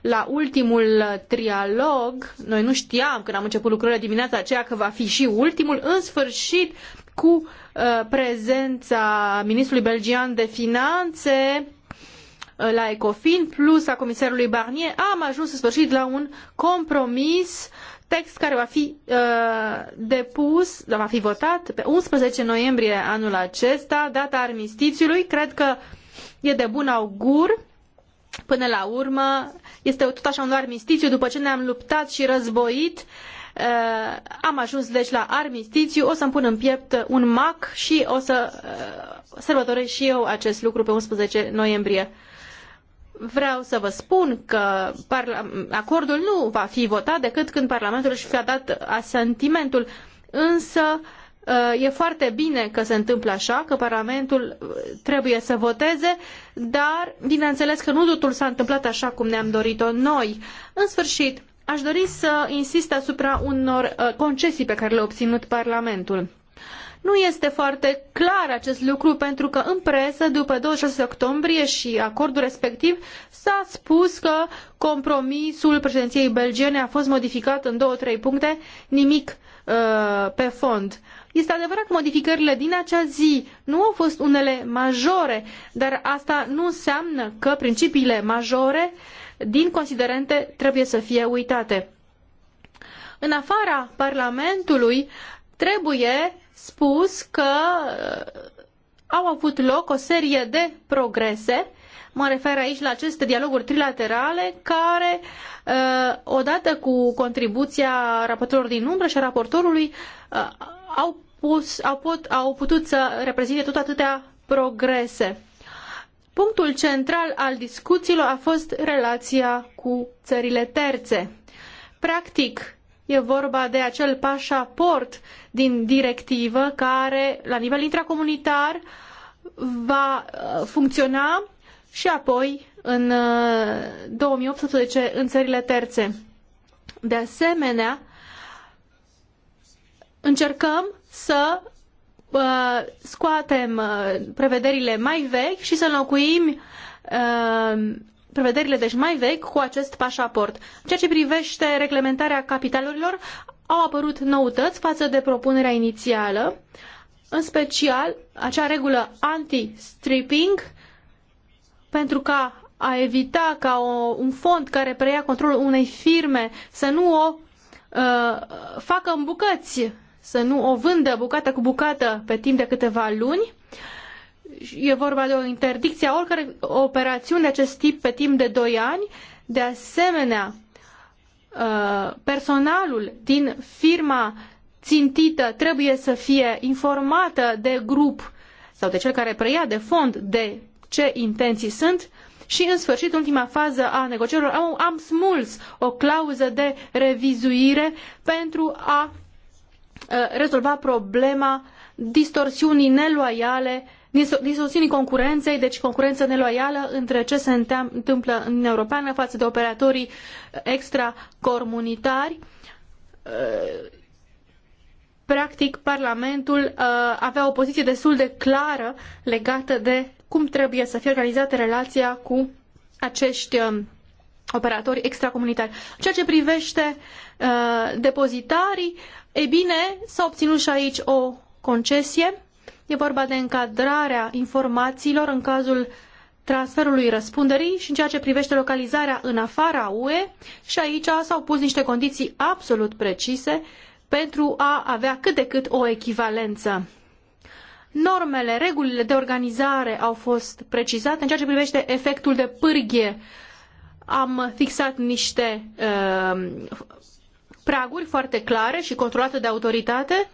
la ultimul trialog, noi nu știam când am început lucrările dimineața aceea că va fi și ultimul, în sfârșit cu uh, prezența ministrului belgian de finanțe uh, la Ecofin plus a comisarului Barnier, am ajuns în sfârșit la un compromis text care va fi uh, depus, va fi votat pe 11 noiembrie anul acesta, data armistițiului. Cred că uh, e de bun augur. Până la urmă, este tot așa un armistițiu, după ce ne-am luptat și războit, uh, am ajuns deci la armistițiu, o să-mi pun în piept un mac și o să uh, sărbătoresc și eu acest lucru pe 11 noiembrie. Vreau să vă spun că acordul nu va fi votat decât când Parlamentul își va dat asentimentul, însă uh, Uh, e foarte bine că se întâmplă așa, că Parlamentul uh, trebuie să voteze, dar bineînțeles că nu totul s-a întâmplat așa cum ne-am dorit-o noi. În sfârșit, aș dori să insist asupra unor uh, concesii pe care le-a obținut Parlamentul. Nu este foarte clar acest lucru pentru că în presă, după 26 octombrie și acordul respectiv, s-a spus că compromisul președinției belgiene a fost modificat în două-trei puncte, nimic uh, pe fond. Uh, este adevărat că modificările din acea zi nu au fost unele majore, dar asta nu înseamnă că principiile majore din considerente trebuie să fie uitate. În afara Parlamentului trebuie spus că uh, au avut loc o serie de progrese Mă refer aici la aceste dialoguri trilaterale care, uh, odată cu contribuția raportorilor din umbră și a raportorului, uh, au pus, au, pot, au putut să reprezinte tot atâtea progrese. Punctul central al discuțiilor a fost relația cu țările terțe. Practic, e vorba de acel pașaport din directivă care, la nivel intracomunitar, va uh, funcționa și apoi în 2018 uh, în țările terțe. De asemenea, încercăm să uh, scoatem uh, prevederile mai vechi și să înlocuim uh, prevederile deci mai vechi cu acest pașaport. În ceea ce privește reglementarea capitalurilor, au apărut noutăți față de propunerea inițială, în special acea regulă anti-stripping pentru ca a evita ca o, un fond care preia controlul unei firme să nu o uh, facă în bucăți să nu o vândă bucată cu bucată pe timp de câteva luni. E vorba de o interdicție a oricărei operațiuni de acest tip pe timp de 2 ani. De asemenea, uh, personalul din firma țintită trebuie să fie informată de grup sau de cel care preia de fond de ce intenții sunt și în sfârșit, ultima fază a negocierilor, am, am smuls o clauză de revizuire pentru a Uh, rezolva problema distorsiunii neloiale, distorsiunii concurenței, deci concurență neloială între ce se întâmplă în Uniunea Europeană față de operatorii extracomunitari. Uh, practic, Parlamentul uh, avea o poziție destul de clară legată de cum trebuie să fie organizată relația cu acești um, operatori extracomunitari. Ceea ce privește depozitarii, ei bine, s-a obținut și aici o concesie. E vorba de încadrarea informațiilor în cazul transferului răspunderii și în ceea ce privește localizarea în afara UE și aici s-au pus niște condiții absolut precise pentru a avea cât de cât o echivalență. Normele, regulile de organizare au fost precizate în ceea ce privește efectul de pârghie. Am fixat niște uh, praguri foarte clare și controlate de autoritate.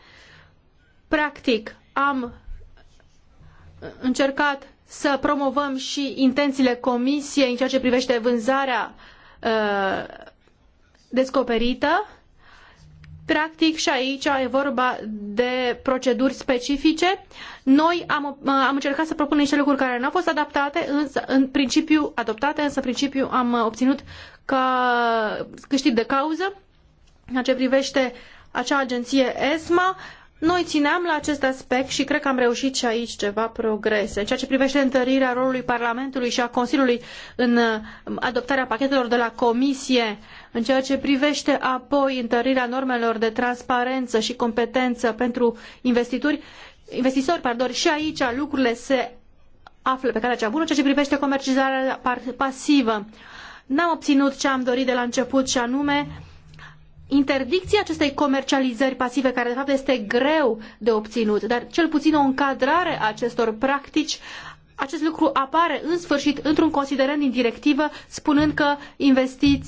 Practic, am încercat să promovăm și intențiile comisiei în ceea ce privește vânzarea uh, descoperită. Practic și aici e vorba de proceduri specifice. Noi am, uh, am încercat să propunem niște lucruri care nu au fost adaptate, însă în principiu adoptate, însă în principiu am obținut ca câștig de cauză. În ce privește acea agenție ESMA, noi țineam la acest aspect și cred că am reușit și aici ceva progrese. În ceea ce privește întărirea rolului Parlamentului și a Consiliului în uh, adoptarea pachetelor de la Comisie, în ceea ce privește apoi întărirea normelor de transparență și competență pentru investitori, investitori pardon, și aici lucrurile se află pe calea cea bună, ceea ce privește comercializarea pasivă. N-am obținut ce am dorit de la început și anume interdicția acestei comercializări pasive, care de fapt este greu de obținut, dar cel puțin o încadrare a acestor practici, acest lucru apare în sfârșit într-un considerent din directivă, spunând că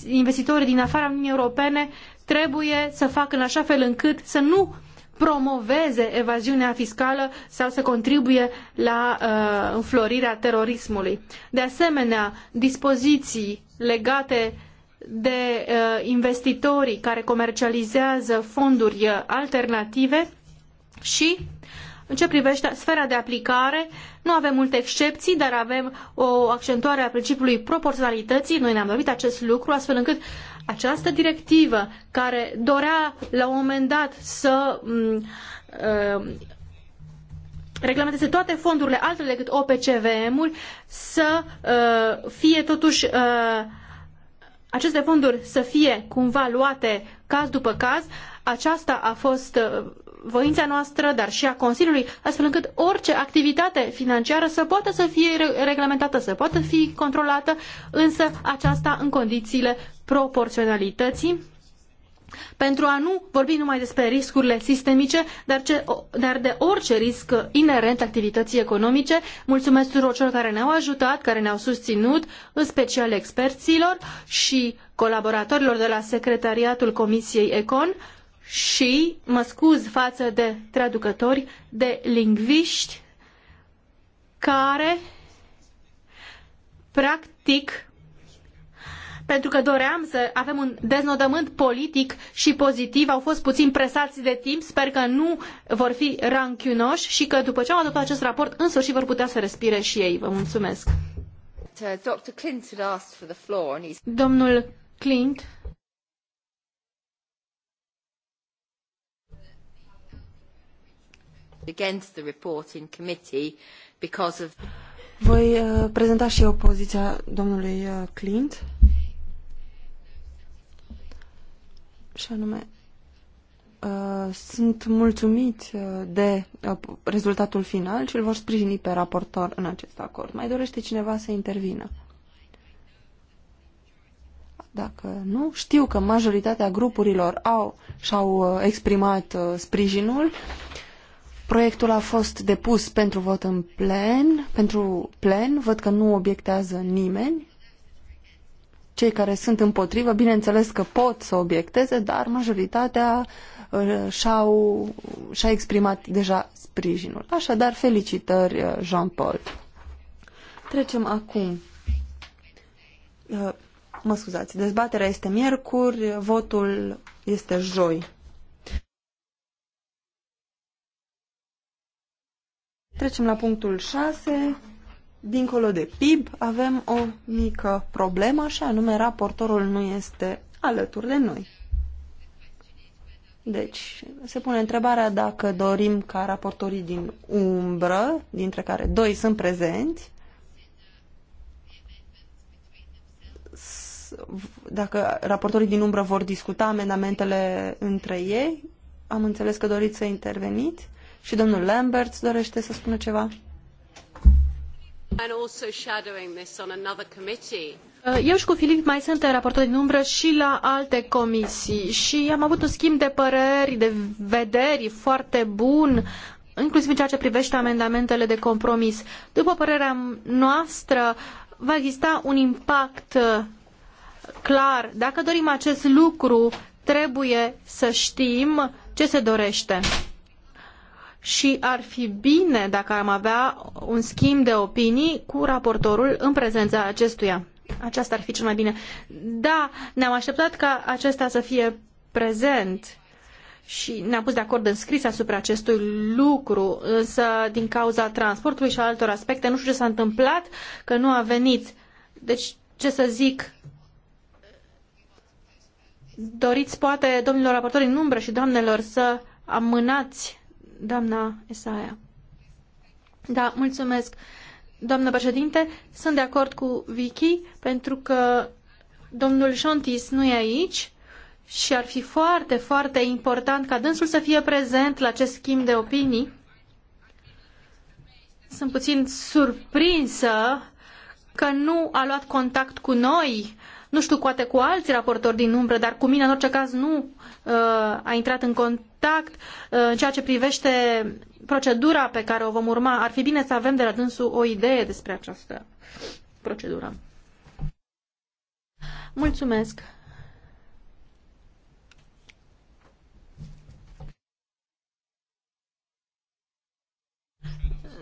investitorii din afara Uniunii Europene trebuie să facă în așa fel încât să nu promoveze evaziunea fiscală sau să contribuie la uh, înflorirea terorismului. De asemenea, dispoziții legate de uh, investitorii care comercializează fonduri uh, alternative și în ce privește sfera de aplicare, nu avem multe excepții, dar avem o accentuare a principiului proporționalității. Noi ne-am dorit acest lucru, astfel încât această directivă care dorea la un moment dat să mm, uh, reglementeze toate fondurile altele decât OPCVM-uri să fie totuși uh, aceste fonduri să fie cumva luate caz după caz, aceasta a fost uh, voința noastră, dar și a Consiliului, astfel încât orice activitate financiară să poată să fie reglementată, să poată fi controlată, însă aceasta în condițiile proporționalității pentru a nu vorbi numai despre riscurile sistemice, dar, ce, dar de orice risc inerent activității economice. Mulțumesc tuturor celor care ne-au ajutat, care ne-au susținut, în special experților și colaboratorilor de la Secretariatul Comisiei Econ și mă scuz față de traducători, de lingviști care practic pentru că doream să avem un deznodământ politic și pozitiv. Au fost puțin presați de timp, sper că nu vor fi ranchiunoși și că după ce am adoptat acest raport, în sfârșit vor putea să respire și ei. Vă mulțumesc! Domnul Clint against the report in committee because of Voi uh, prezenta și eu poziția domnului uh, Clint. și anume uh, sunt mulțumiți uh, de uh, rezultatul final și îl vor sprijini pe raportor în acest acord. Mai dorește cineva să intervină? Dacă nu, știu că majoritatea grupurilor au și-au exprimat sprijinul. Proiectul a fost depus pentru vot în plen, pentru plen, văd că nu obiectează nimeni. Cei care sunt împotrivă, bineînțeles că pot să obiecteze, dar majoritatea uh, și-au, și-a exprimat deja sprijinul. Așadar, felicitări, uh, Jean-Paul. Trecem acum. Uh, mă scuzați, dezbaterea este miercuri, votul este joi. Trecem la punctul 6 dincolo de PIB, avem o mică problemă și anume raportorul nu este alături de noi. Deci, se pune întrebarea dacă dorim ca raportorii din umbră, dintre care doi sunt prezenți, dacă raportorii din umbră vor discuta amendamentele între ei, am înțeles că doriți să interveniți și domnul Lambert dorește să spună ceva. Uh, eu și cu Filip mai suntem raportori din umbră și la alte comisii și am avut un schimb de păreri, de vederi foarte bun, inclusiv în ceea ce privește amendamentele de compromis. După părerea noastră, va exista un impact uh, clar. Dacă dorim acest lucru, trebuie să știm ce se dorește și ar fi bine dacă am avea un schimb de opinii cu raportorul în prezența acestuia. Aceasta ar fi cel mai bine. Da, ne-am așteptat ca acesta să fie prezent și ne-am pus de acord în scris asupra acestui lucru, însă din cauza transportului și altor aspecte, nu știu ce s-a întâmplat, că nu a venit. Deci, ce să zic, doriți poate, domnilor raportori în umbră și doamnelor, să amânați doamna Esaia. Da, mulțumesc. Doamnă președinte, sunt de acord cu Vicky pentru că domnul Șontis nu e aici și ar fi foarte, foarte important ca dânsul să fie prezent la acest schimb de opinii. Sunt puțin surprinsă că nu a luat contact cu noi, nu știu, poate cu alți raportori din umbră, dar cu mine, în orice caz, nu uh, a intrat în contact tact uh, în ceea ce privește procedura pe care o vom urma. Ar fi bine să avem de la dânsul o idee despre această procedură. Mulțumesc!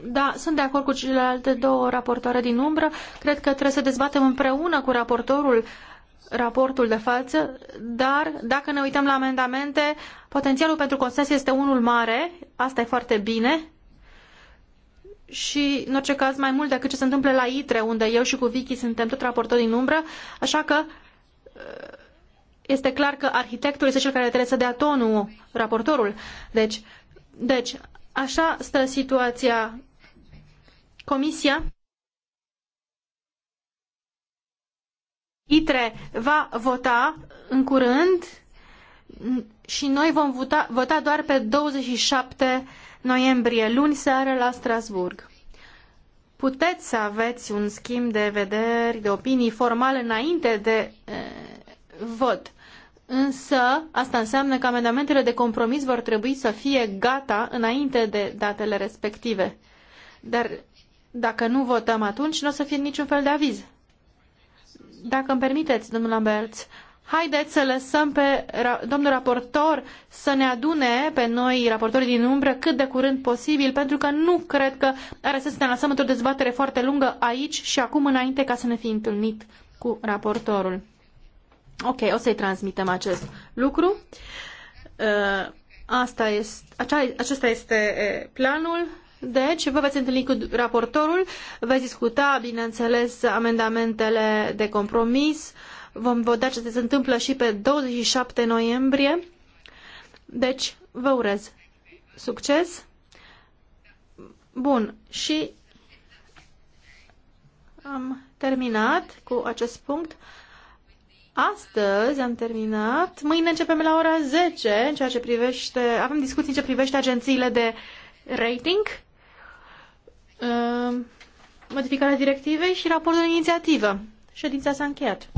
Da, sunt de acord cu celelalte două raportoare din umbră. Cred că trebuie să dezbatem împreună cu raportorul uh, raportul de față, dar dacă ne uităm la amendamente, potențialul pentru consens este unul mare, asta e foarte bine și, în orice caz, mai mult decât ce se întâmplă la ITRE, unde eu și cu Vicky suntem tot raportori din umbră, așa că uh, este clar că arhitectul este cel care trebuie să dea tonul, raportorul. Deci, deci așa stă situația. Comisia ITRE va vota în curând și noi vom vota, vota doar pe 27 noiembrie, luni seară la Strasburg. Puteți să aveți un schimb de vederi, de opinii formale înainte de e, eh, vot. Însă, asta înseamnă că amendamentele de compromis vor trebui să fie gata înainte de datele respective. Dar dacă nu votăm atunci, nu o să fie niciun fel de aviz. Dacă îmi permiteți, domnul Lambert, haideți să lăsăm pe domnul raportor să ne adune pe noi, raportorii din umbră, cât de curând posibil, pentru că nu cred că are să ne lăsăm într-o dezbatere foarte lungă aici și acum înainte ca să ne fi întâlnit cu raportorul. Ok, o să-i transmitem acest lucru. Uh, asta este, acea, acesta este eh, planul. Deci, vă veți întâlni cu raportorul, veți discuta, bineînțeles, amendamentele de compromis, vom vedea ce se întâmplă și pe 27 noiembrie. Deci, vă urez succes. Bun, și am terminat cu acest punct. Astăzi am terminat. Mâine începem la ora 10 în ceea ce privește, avem discuții în ce privește agențiile de rating. Ehm, modificarea directivei și raportul de inițiativă. Ședința s-a încheiat.